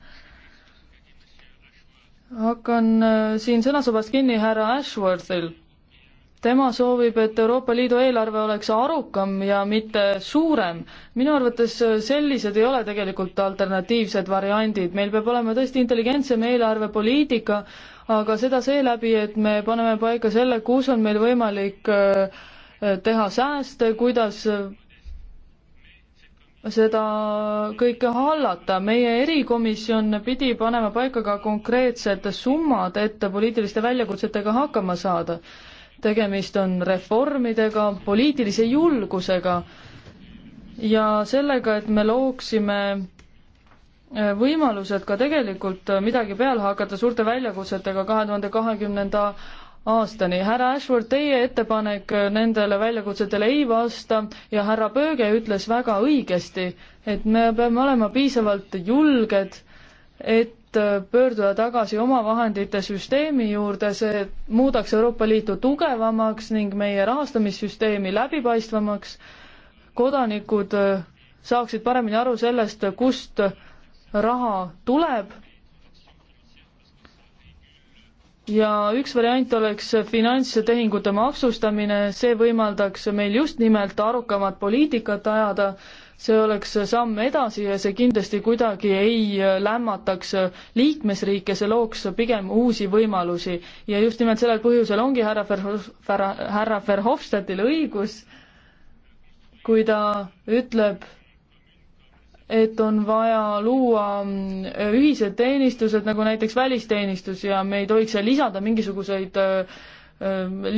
hakkan äh, siin sõnasabast kinni härra Ashworthil tema soovib, et Euroopa Liidu eelarve oleks arukam ja mitte suurem. minu arvates äh, sellised ei ole tegelikult alternatiivsed variandid, meil peab olema tõesti intelligentsem eelarvepoliitika, aga seda seeläbi, et me paneme paika selle, kus on meil võimalik äh, teha sääste, kuidas seda kõike hallata. meie erikomisjon pidi panema paika ka konkreetsed summad, et poliitiliste väljakutsetega hakkama saada. tegemist on reformidega, poliitilise julgusega ja sellega, et me looksime võimalused ka tegelikult midagi peale hakata suurte väljakutsetega kahe tuhande kahekümnenda aastani. härra Ashford, teie ettepanek nendele väljakutsetele ei vasta ja härra Pööge ütles väga õigesti, et me peame olema piisavalt julged, et pöörduda tagasi omavahendite süsteemi juurde, see muudaks Euroopa Liitu tugevamaks ning meie rahastamissüsteemi läbipaistvamaks, kodanikud saaksid paremini aru sellest, kust raha tuleb ja üks variant oleks finantstehingute maksustamine, see võimaldaks meil just nimelt arukamat poliitikat ajada, see oleks samm edasi ja see kindlasti kuidagi ei lämmataks liikmesriike, see looks pigem uusi võimalusi. ja just nimelt sellel põhjusel ongi härra Verhof-, härra Verhofstadtil õigus, kui ta ütleb, et on vaja luua mm, ühised teenistused, nagu näiteks välisteenistus ja me ei tohiks seal lisada mingisuguseid äh, äh,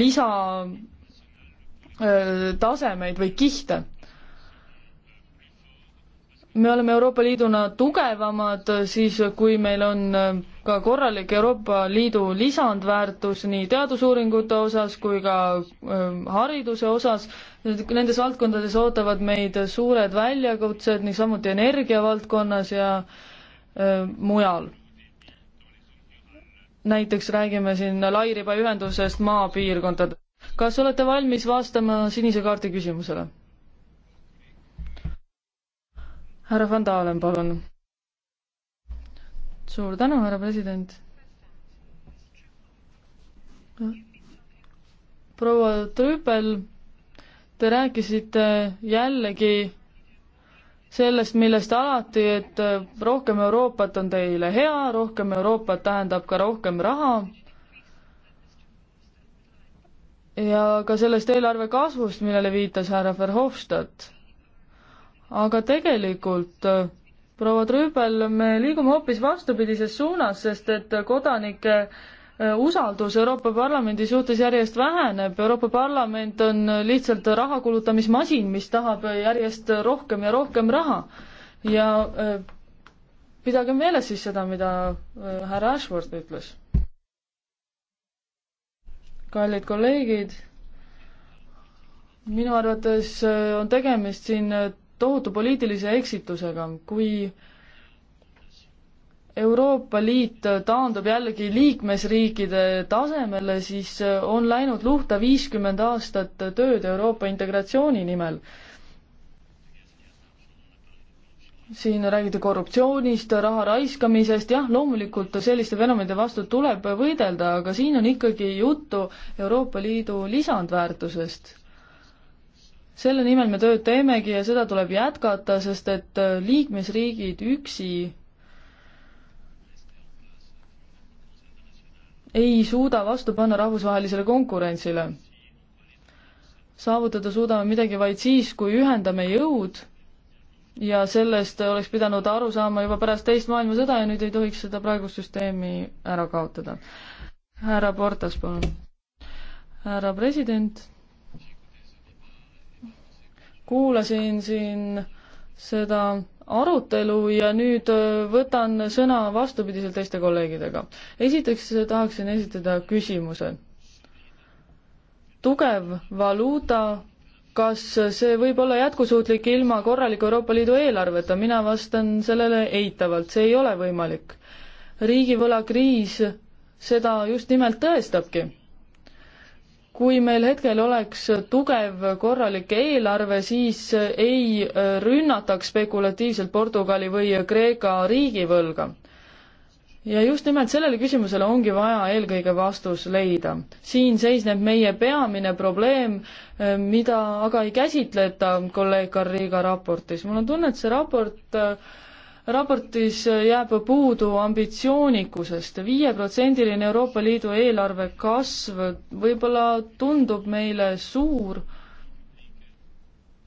lisatasemeid äh, või kihte. me oleme Euroopa Liiduna tugevamad siis, kui meil on ka korralik Euroopa Liidu lisandväärtus nii teadusuuringute osas kui ka ähm, hariduse osas. Nendes valdkondades ootavad meid suured väljakutsed, niisamuti energia valdkonnas ja ähm, mujal. näiteks räägime siin lairibaühendusest maapiirkondades. kas olete valmis vastama sinise kaardi küsimusele? härra Van Dalen, palun suur tänu, härra president. proua Trüpel, te rääkisite jällegi sellest, millest alati, et rohkem Euroopat on teile hea, rohkem Euroopat tähendab ka rohkem raha. ja ka sellest eelarve kasvust, millele viitas härra Verhofstadt. aga tegelikult proua Trüübel, me liigume hoopis vastupidises suunas, sest et kodanike äh, usaldus Euroopa Parlamendi suhtes järjest väheneb, Euroopa Parlament on lihtsalt rahakulutamismasin, mis tahab järjest rohkem ja rohkem raha. ja äh, pidage meeles siis seda, mida äh, härra Ashworth ütles. kallid kolleegid, minu arvates on tegemist siin tohutu poliitilise eksitusega, kui Euroopa Liit taandub jällegi liikmesriikide tasemele, siis on läinud luhta viiskümmend aastat tööd Euroopa integratsiooni nimel. siin räägiti korruptsioonist, raha raiskamisest, jah, loomulikult selliste fenomenide vastu tuleb võidelda, aga siin on ikkagi juttu Euroopa Liidu lisandväärtusest selle nimel me tööd teemegi ja seda tuleb jätkata, sest et äh, liikmesriigid üksi ei suuda vastu panna rahvusvahelisele konkurentsile. saavutada suudame midagi vaid siis, kui ühendame jõud ja sellest oleks pidanud aru saama juba pärast teist maailmasõda ja nüüd ei tohiks seda praegust süsteemi ära kaotada. härra Portas, palun. härra president kuulasin siin seda arutelu ja nüüd äh, võtan sõna vastupidiselt teiste kolleegidega. esiteks tahaksin esitada küsimuse. tugev valuuta, kas see võib olla jätkusuutlik ilma korraliku Euroopa Liidu eelarveta, mina vastan sellele eitavalt, see ei ole võimalik. riigivõlakriis seda just nimelt tõestabki kui meil hetkel oleks tugev korralik eelarve, siis ei äh, rünnataks spekulatiivselt Portugali või Kreeka riigivõlga. ja just nimelt sellele küsimusele ongi vaja eelkõige vastus leida. siin seisneb meie peamine probleem, äh, mida aga ei käsitleta kolleeg Carriga raportis. mul on tunne, et see raport äh, raportis jääb puudu ambitsioonikusest. viieprotsendiline Euroopa Liidu eelarve kasv võib-olla tundub meile suur,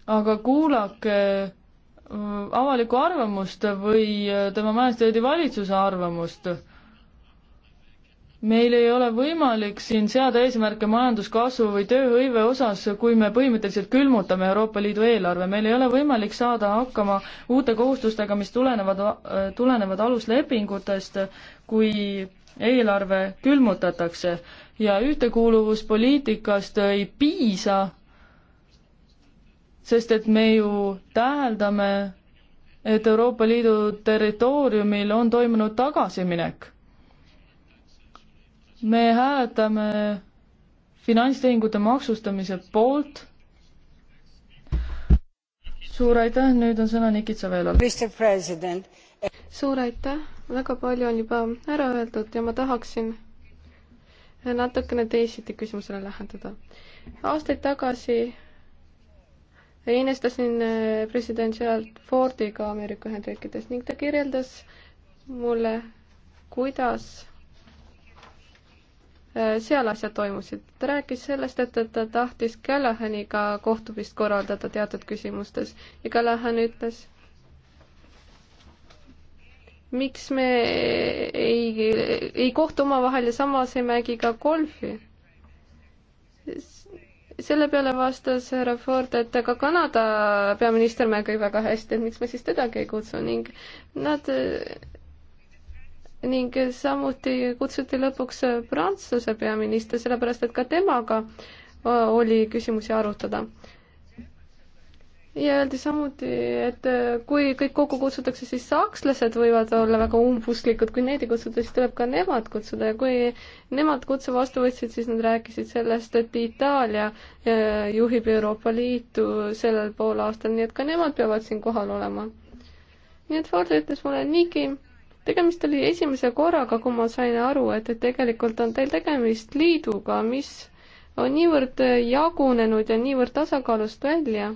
aga kuulake äh, avalikku arvamust või äh, tema majesteedi valitsuse arvamust meil ei ole võimalik siin seada eesmärke majanduskasvu või tööhõive osas, kui me põhimõtteliselt külmutame Euroopa Liidu eelarve, meil ei ole võimalik saada hakkama uute kohustustega, mis tulenevad, äh, tulenevad aluslepingutest, kui eelarve külmutatakse ja ühtekuuluvuspoliitikast ei piisa, sest et me ju täheldame, et Euroopa Liidu territooriumil on toimunud tagasiminek me hääletame finantstehingute maksustamise poolt. suur aitäh, nüüd on sõna Nikitsa Veelal. suur aitäh, väga palju on juba ära öeldud ja ma tahaksin natukene teisiti küsimusele lähendada. aastaid tagasi enestasin eh, president Gerald Fordiga Ameerika Ühendriikides ning ta kirjeldas mulle, kuidas Äh, seal asjad toimusid. ta rääkis sellest, et, et ta tahtis Callahaniga kohtumist korraldada teatud küsimustes ja Callahan ütles, miks me ei, ei kohtu omavahel ja samas ei mängi ka golfi. selle peale vastas härra Ford, et ka Kanada peaminister mängib väga hästi, et miks me siis tedagi ei kutsu ning nad ning samuti kutsuti lõpuks Prantsuse peaminister, sellepärast et ka temaga äh, oli küsimusi arutada. ja öeldi samuti, et äh, kui kõik kokku kutsutakse, siis sakslased võivad olla väga umbuslikud, kui neid ei kutsuta, siis tuleb ka nemad kutsuda ja kui nemad kutse vastu võtsid, siis nad rääkisid sellest, et Itaalia äh, juhib Euroopa Liitu sellel poolaastal, nii et ka nemad peavad siin kohal olema. nii et Ford ütles mulle, Niki tegemist oli esimese korraga, kui ma sain aru, et, et tegelikult on teil tegemist liiduga, mis on niivõrd jagunenud ja niivõrd tasakaalust välja.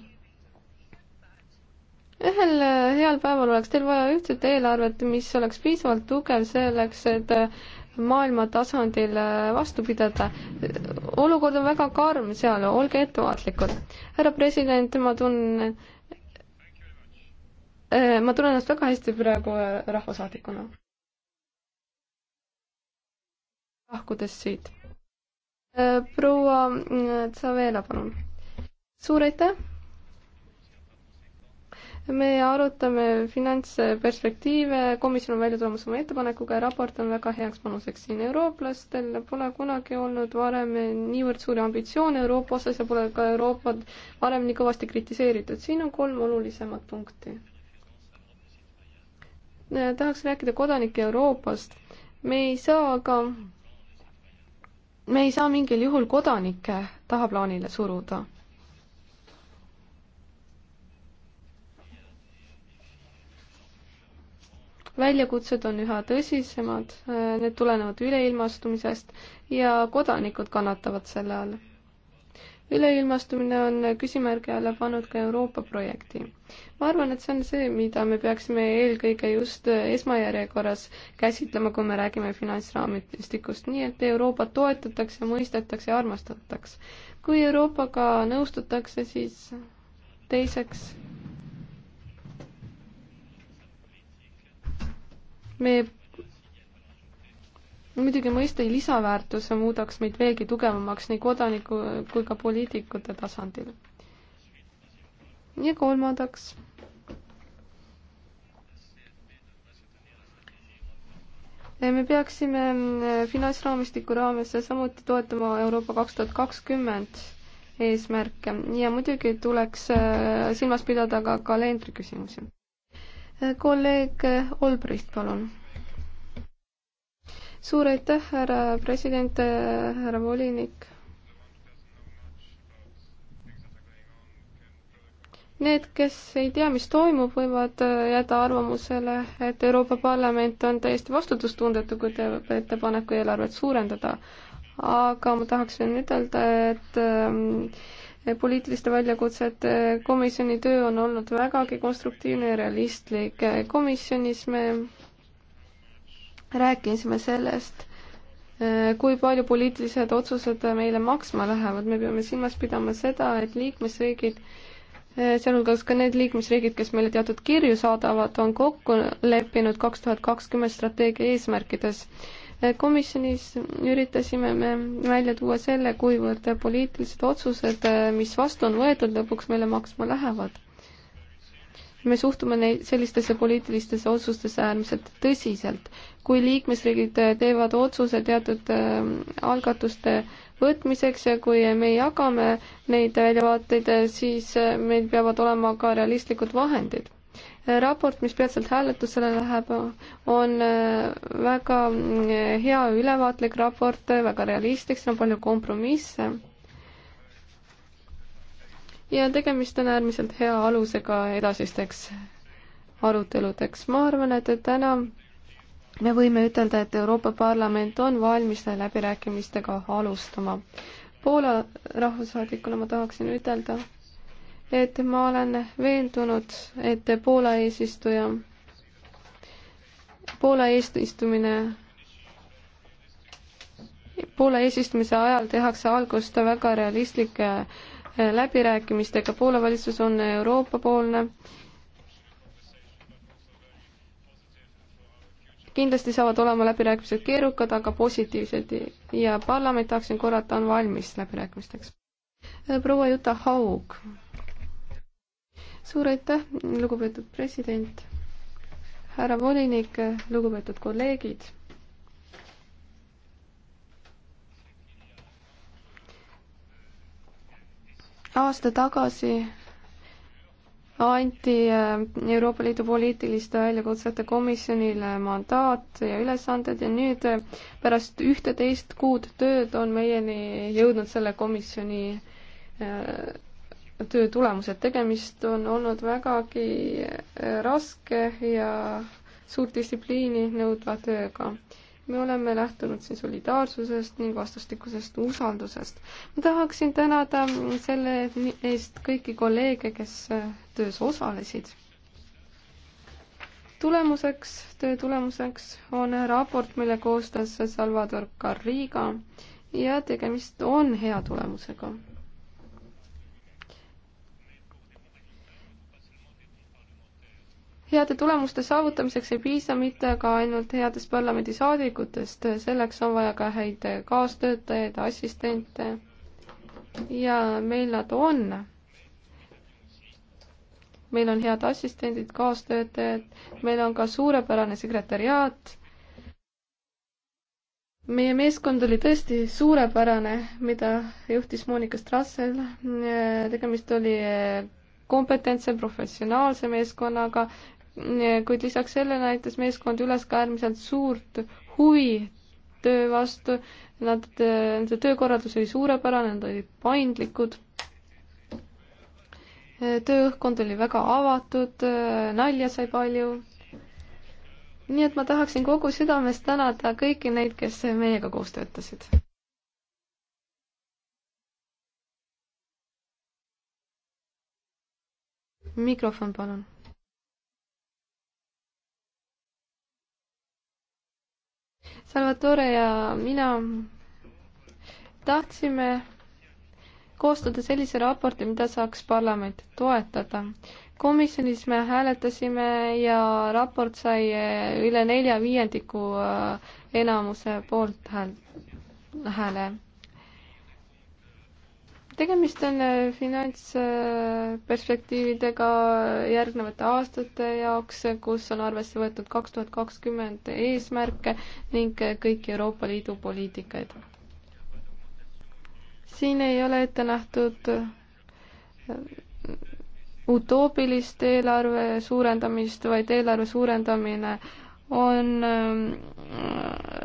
ühel heal päeval oleks teil vaja ühtset eelarvet, mis oleks piisavalt tugev selleks, et maailma tasandil vastu pidada. olukord on väga karm seal, olge ettevaatlikud. härra president, ma tunnen Äh, ma tunnen ennast väga hästi praegu äh, rahvasaadikuna. lahkudes siit. Äh, proua Tsavela, palun. suur aitäh. me arutame finantsperspektiive, komisjon on välja toomas oma ettepanekuga ja raport on väga heaks panuseks siin. eurooplastel pole kunagi olnud varem niivõrd suuri ambitsioone Euroopa osas ja pole ka Euroopat varem nii kõvasti kritiseeritud. siin on kolm olulisemat punkti tahaks rääkida kodanike Euroopast. me ei saa aga, me ei saa mingil juhul kodanikke tahaplaanile suruda. väljakutsed on üha tõsisemad, need tulenevad üleilmastumisest ja kodanikud kannatavad selle all üleilmastumine on küsimärgi alla pannud ka Euroopa projekti. ma arvan, et see on see, mida me peaksime eelkõige just esmajärjekorras käsitlema, kui me räägime finantsraamistikust, nii et Euroopat toetatakse, mõistetakse ja armastatakse. kui Euroopaga nõustutakse, siis teiseks me muidugi mõiste lisaväärtus muudaks meid veelgi tugevamaks nii kodaniku kui ka poliitikute tasandil. ja kolmandaks. me peaksime finantsraamistiku raames samuti toetama Euroopa kaks tuhat kakskümmend eesmärke ja muidugi tuleks äh, silmas pidada ka kalendri küsimusi. kolleeg Olbrist, palun suur aitäh, härra president, härra volinik. Need, kes ei tea, mis toimub, võivad äh, jääda arvamusele, et Euroopa Parlament on täiesti vastutustundetu, kui teeb ettepaneku eelarvet suurendada. aga ma tahaksin ütelda, et ähm, poliitiliste väljakutsete komisjoni töö on olnud vägagi konstruktiivne ja realistlik. komisjonis me rääkisime sellest, äh, kui palju poliitilised otsused meile maksma lähevad, me peame silmas pidama seda, et liikmesriigid äh, sealhulgas ka need liikmesriigid, kes meile teatud kirju saadavad, on kokku leppinud kaks tuhat kakskümmend strateegia eesmärkides. Äh, komisjonis üritasime me välja tuua selle, kuivõrd poliitilised otsused, mis vastu on võetud, lõpuks meile maksma lähevad me suhtume neid, sellistesse poliitilistesse otsustesse äärmiselt tõsiselt. kui liikmesriigid äh, teevad otsuse teatud äh, algatuste võtmiseks ja kui me jagame neid väljavaateid, äh, siis meil peavad olema ka realistlikud vahendid. raport, mis peatselt hääletusele läheb, on väga mm, hea ülevaatlik raport, väga realistlik, siin on palju kompromisse ja tegemist on äärmiselt hea alusega edasisteks aruteludeks. ma arvan, et täna me võime ütelda, et Euroopa Parlament on valmis läbirääkimistega alustama. Poola rahvasaadikuna ma tahaksin ütelda, et ma olen veendunud, et Poola eesistuja, Poola eesistumine Poola eesistumise ajal tehakse algust väga realistlike läbirääkimistega. Poola valitsus on Euroopa-poolne. kindlasti saavad olema läbirääkimised keerukad, aga positiivsed ja parlament, tahaksin korrata, on valmis läbirääkimisteks. proua Juta Haug. suur aitäh, lugupeetud president, härra volinik, lugupeetud kolleegid aasta tagasi anti äh, Euroopa Liidu poliitiliste väljakutsete komisjonile mandaat ja ülesanded ja nüüd äh, pärast ühteteist kuud tööd on meieni jõudnud selle komisjoni äh, töö tulemused. tegemist on olnud vägagi raske ja suurt distsipliini nõudva tööga me oleme lähtunud siin solidaarsusest ning vastastikusest usaldusest. ma tahaksin tänada selle eest kõiki kolleege, kes töös osalesid. tulemuseks, töö tulemuseks on raport, mille koostas Salvador Carriga ja tegemist on hea tulemusega heade tulemuste saavutamiseks ei piisa mitte ka ainult headest parlamendisaadikutest, selleks on vaja ka häid kaastöötajaid, assistente ja meil nad on. meil on head assistendid, kaastöötajad, meil on ka suurepärane sekretäriaat. meie meeskond oli tõesti suurepärane, mida juhtis Monika Strassel, tegemist oli kompetentse, professionaalse meeskonnaga, kuid lisaks sellele näitas meeskond üles ka äärmiselt suurt huvi töö vastu. Nad, nende töökorraldus oli suurepärane, nad olid paindlikud. tööõhkkond oli väga avatud, nalja sai palju. nii et ma tahaksin kogu südamest tänada kõiki neid, kes meiega koos töötasid. mikrofon, palun Salvatore ja mina tahtsime koostada sellise raporti, mida saaks parlament toetada. komisjonis me hääletasime ja raport sai eh, üle nelja viiendiku eh, enamuse poolt hääl-, hääle tegemist on äh, finantsperspektiividega järgnevate aastate jaoks, kus on arvesse võetud kaks tuhat kakskümmend eesmärke ning äh, kõiki Euroopa Liidu poliitikaid. siin ei ole ette nähtud äh, utoopilist eelarve suurendamist, vaid eelarve suurendamine äh, on ähm,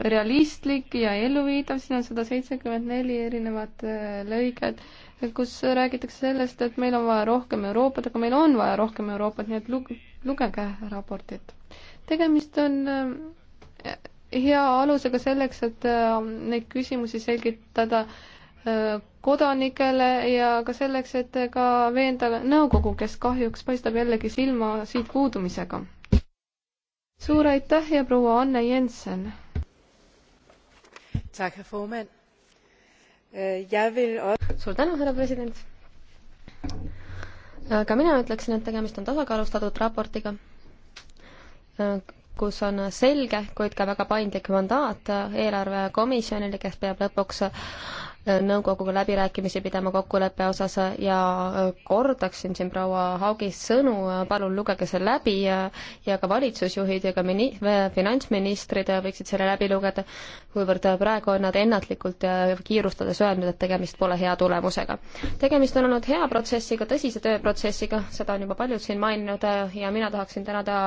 realistlik ja elluviidav, siin on sada seitsekümmend neli erinevat äh, lõiget, kus räägitakse sellest, et meil on vaja rohkem Euroopat, aga meil on vaja rohkem Euroopat, nii et lug-, lugege raportit. tegemist on äh, hea alusega selleks, et äh, neid küsimusi selgitada kodanikele ja ka selleks, et ka veenda nõukogu, kes kahjuks paistab jällegi silma siit puudumisega suur aitäh ja proua Anne Jensen. Øh, suur tänu, härra president. Äh, ka mina ütleksin, et tegemist on tasakaalustatud raportiga, äh, kus on selge, kuid ka väga paindlik mandaat äh, eelarvekomisjonile, kes peab lõpuks nõukoguga läbirääkimisi pidama kokkuleppe osas ja äh, kordaksin siin proua Haugi sõnu, äh, palun lugege see läbi ja, ja ka valitsusjuhid ja ka mini-, äh, finantsministrid võiksid selle läbi lugeda, kuivõrd praegu on nad ennatlikult ja kiirustades öelnud, et tegemist pole hea tulemusega. tegemist on olnud hea protsessiga, tõsise tööprotsessiga, seda on juba paljud siin maininud ja mina tahaksin tänada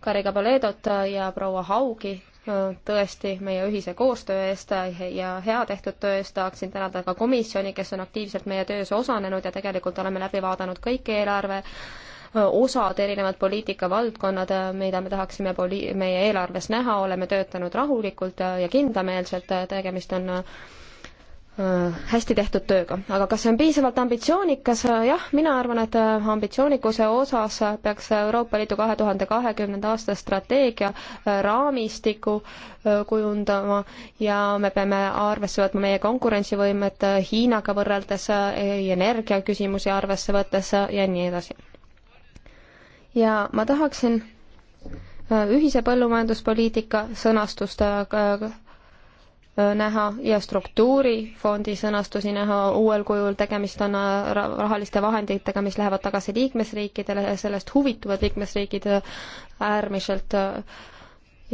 Kariga Paledot ja proua Haugi tõesti meie ühise koostöö eest ja hea tehtud töö eest tahaksin tänada ka komisjoni, kes on aktiivselt meie töös osalenud ja tegelikult oleme läbi vaadanud kõik eelarve osad, erinevad poliitikavaldkonnad, mida me tahaksime poli-, meie eelarves näha, oleme töötanud rahulikult ja kindlameelselt, tegemist on Äh, hästi tehtud tööga, aga kas see on piisavalt ambitsioonikas, äh, jah, mina arvan, et äh, ambitsioonikuse osas peaks Euroopa Liidu kahe tuhande kahekümnenda aasta strateegia raamistiku kujundama ja me peame arvesse võtma meie konkurentsivõimet Hiinaga võrreldes, energiaküsimusi arvesse võttes ja nii edasi. ja ma tahaksin ühise põllumajanduspoliitika sõnastust Äh, näha ja struktuurifondi sõnastusi näha uuel kujul, tegemist on äh, rahaliste vahenditega, mis lähevad tagasi liikmesriikidele ja sellest huvituvad liikmesriigid äh, äärmiselt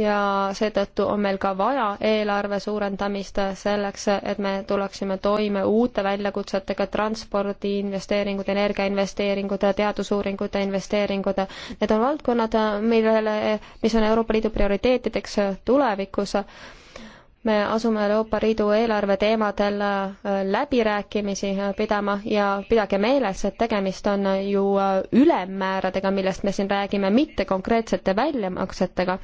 ja seetõttu on meil ka vaja eelarve suurendamist selleks, et me tuleksime toime uute väljakutsetega, transpordi investeeringud, energiainvesteeringud, teadusuuringute investeeringud, need on valdkonnad, millele, mis on Euroopa Liidu prioriteetideks tulevikus me asume Euroopa Liidu eelarve teemadel äh, läbirääkimisi äh, pidama ja pidage meeles, et tegemist on äh, ju ülemmääradega, millest me siin räägime, mitte konkreetsete väljamaksetega.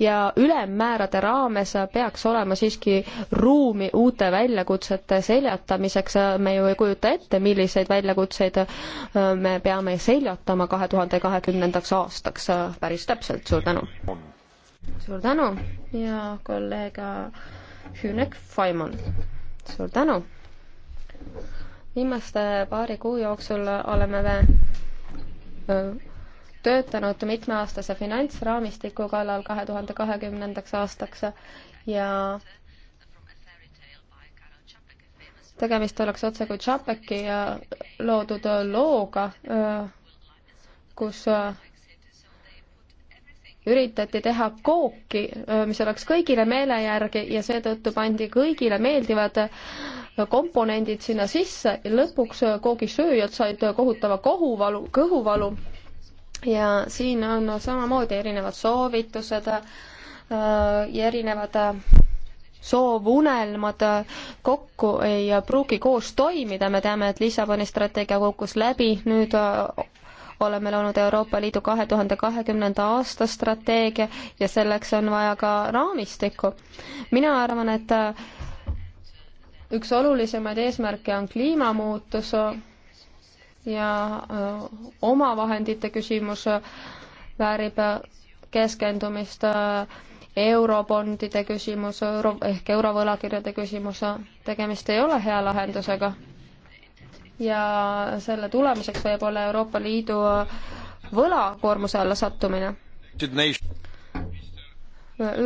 ja ülemmäärade raames peaks olema siiski ruumi uute väljakutsete seljatamiseks, me ju ei kujuta ette, milliseid väljakutseid me peame seljatama kahe tuhande kahekümnendaks aastaks päris täpselt, suur tänu! suur tänu ja kolleeg Hünek Faimon, suur tänu. viimaste paari kuu jooksul oleme me töötanud mitmeaastase finantsraamistiku kallal kahe tuhande kahekümnendaks aastaks ja tegemist oleks otse kui Tšapeki loodud looga, kus üritati teha kooki, mis oleks kõigile meele järgi ja seetõttu pandi kõigile meeldivad komponendid sinna sisse ja lõpuks koogisööjad said kohutava kohuvalu, kõhuvalu. ja siin on samamoodi erinevad soovitused ja erinevad soovunelmad kokku ei pruugi koos toimida, me teame, et Lissaboni strateegia kukkus läbi, nüüd oleme loonud Euroopa Liidu kahe tuhande kahekümnenda aasta strateegia ja selleks on vaja ka raamistikku. mina arvan, et äh, üks olulisemaid eesmärke on kliimamuutus ja äh, omavahendite küsimus äh, väärib keskendumist eurobondide küsimus euro, ehk eurovõlakirjade küsimus, tegemist ei ole hea lahendusega ja selle tulemuseks võib olla Euroopa Liidu võlakoormuse alla sattumine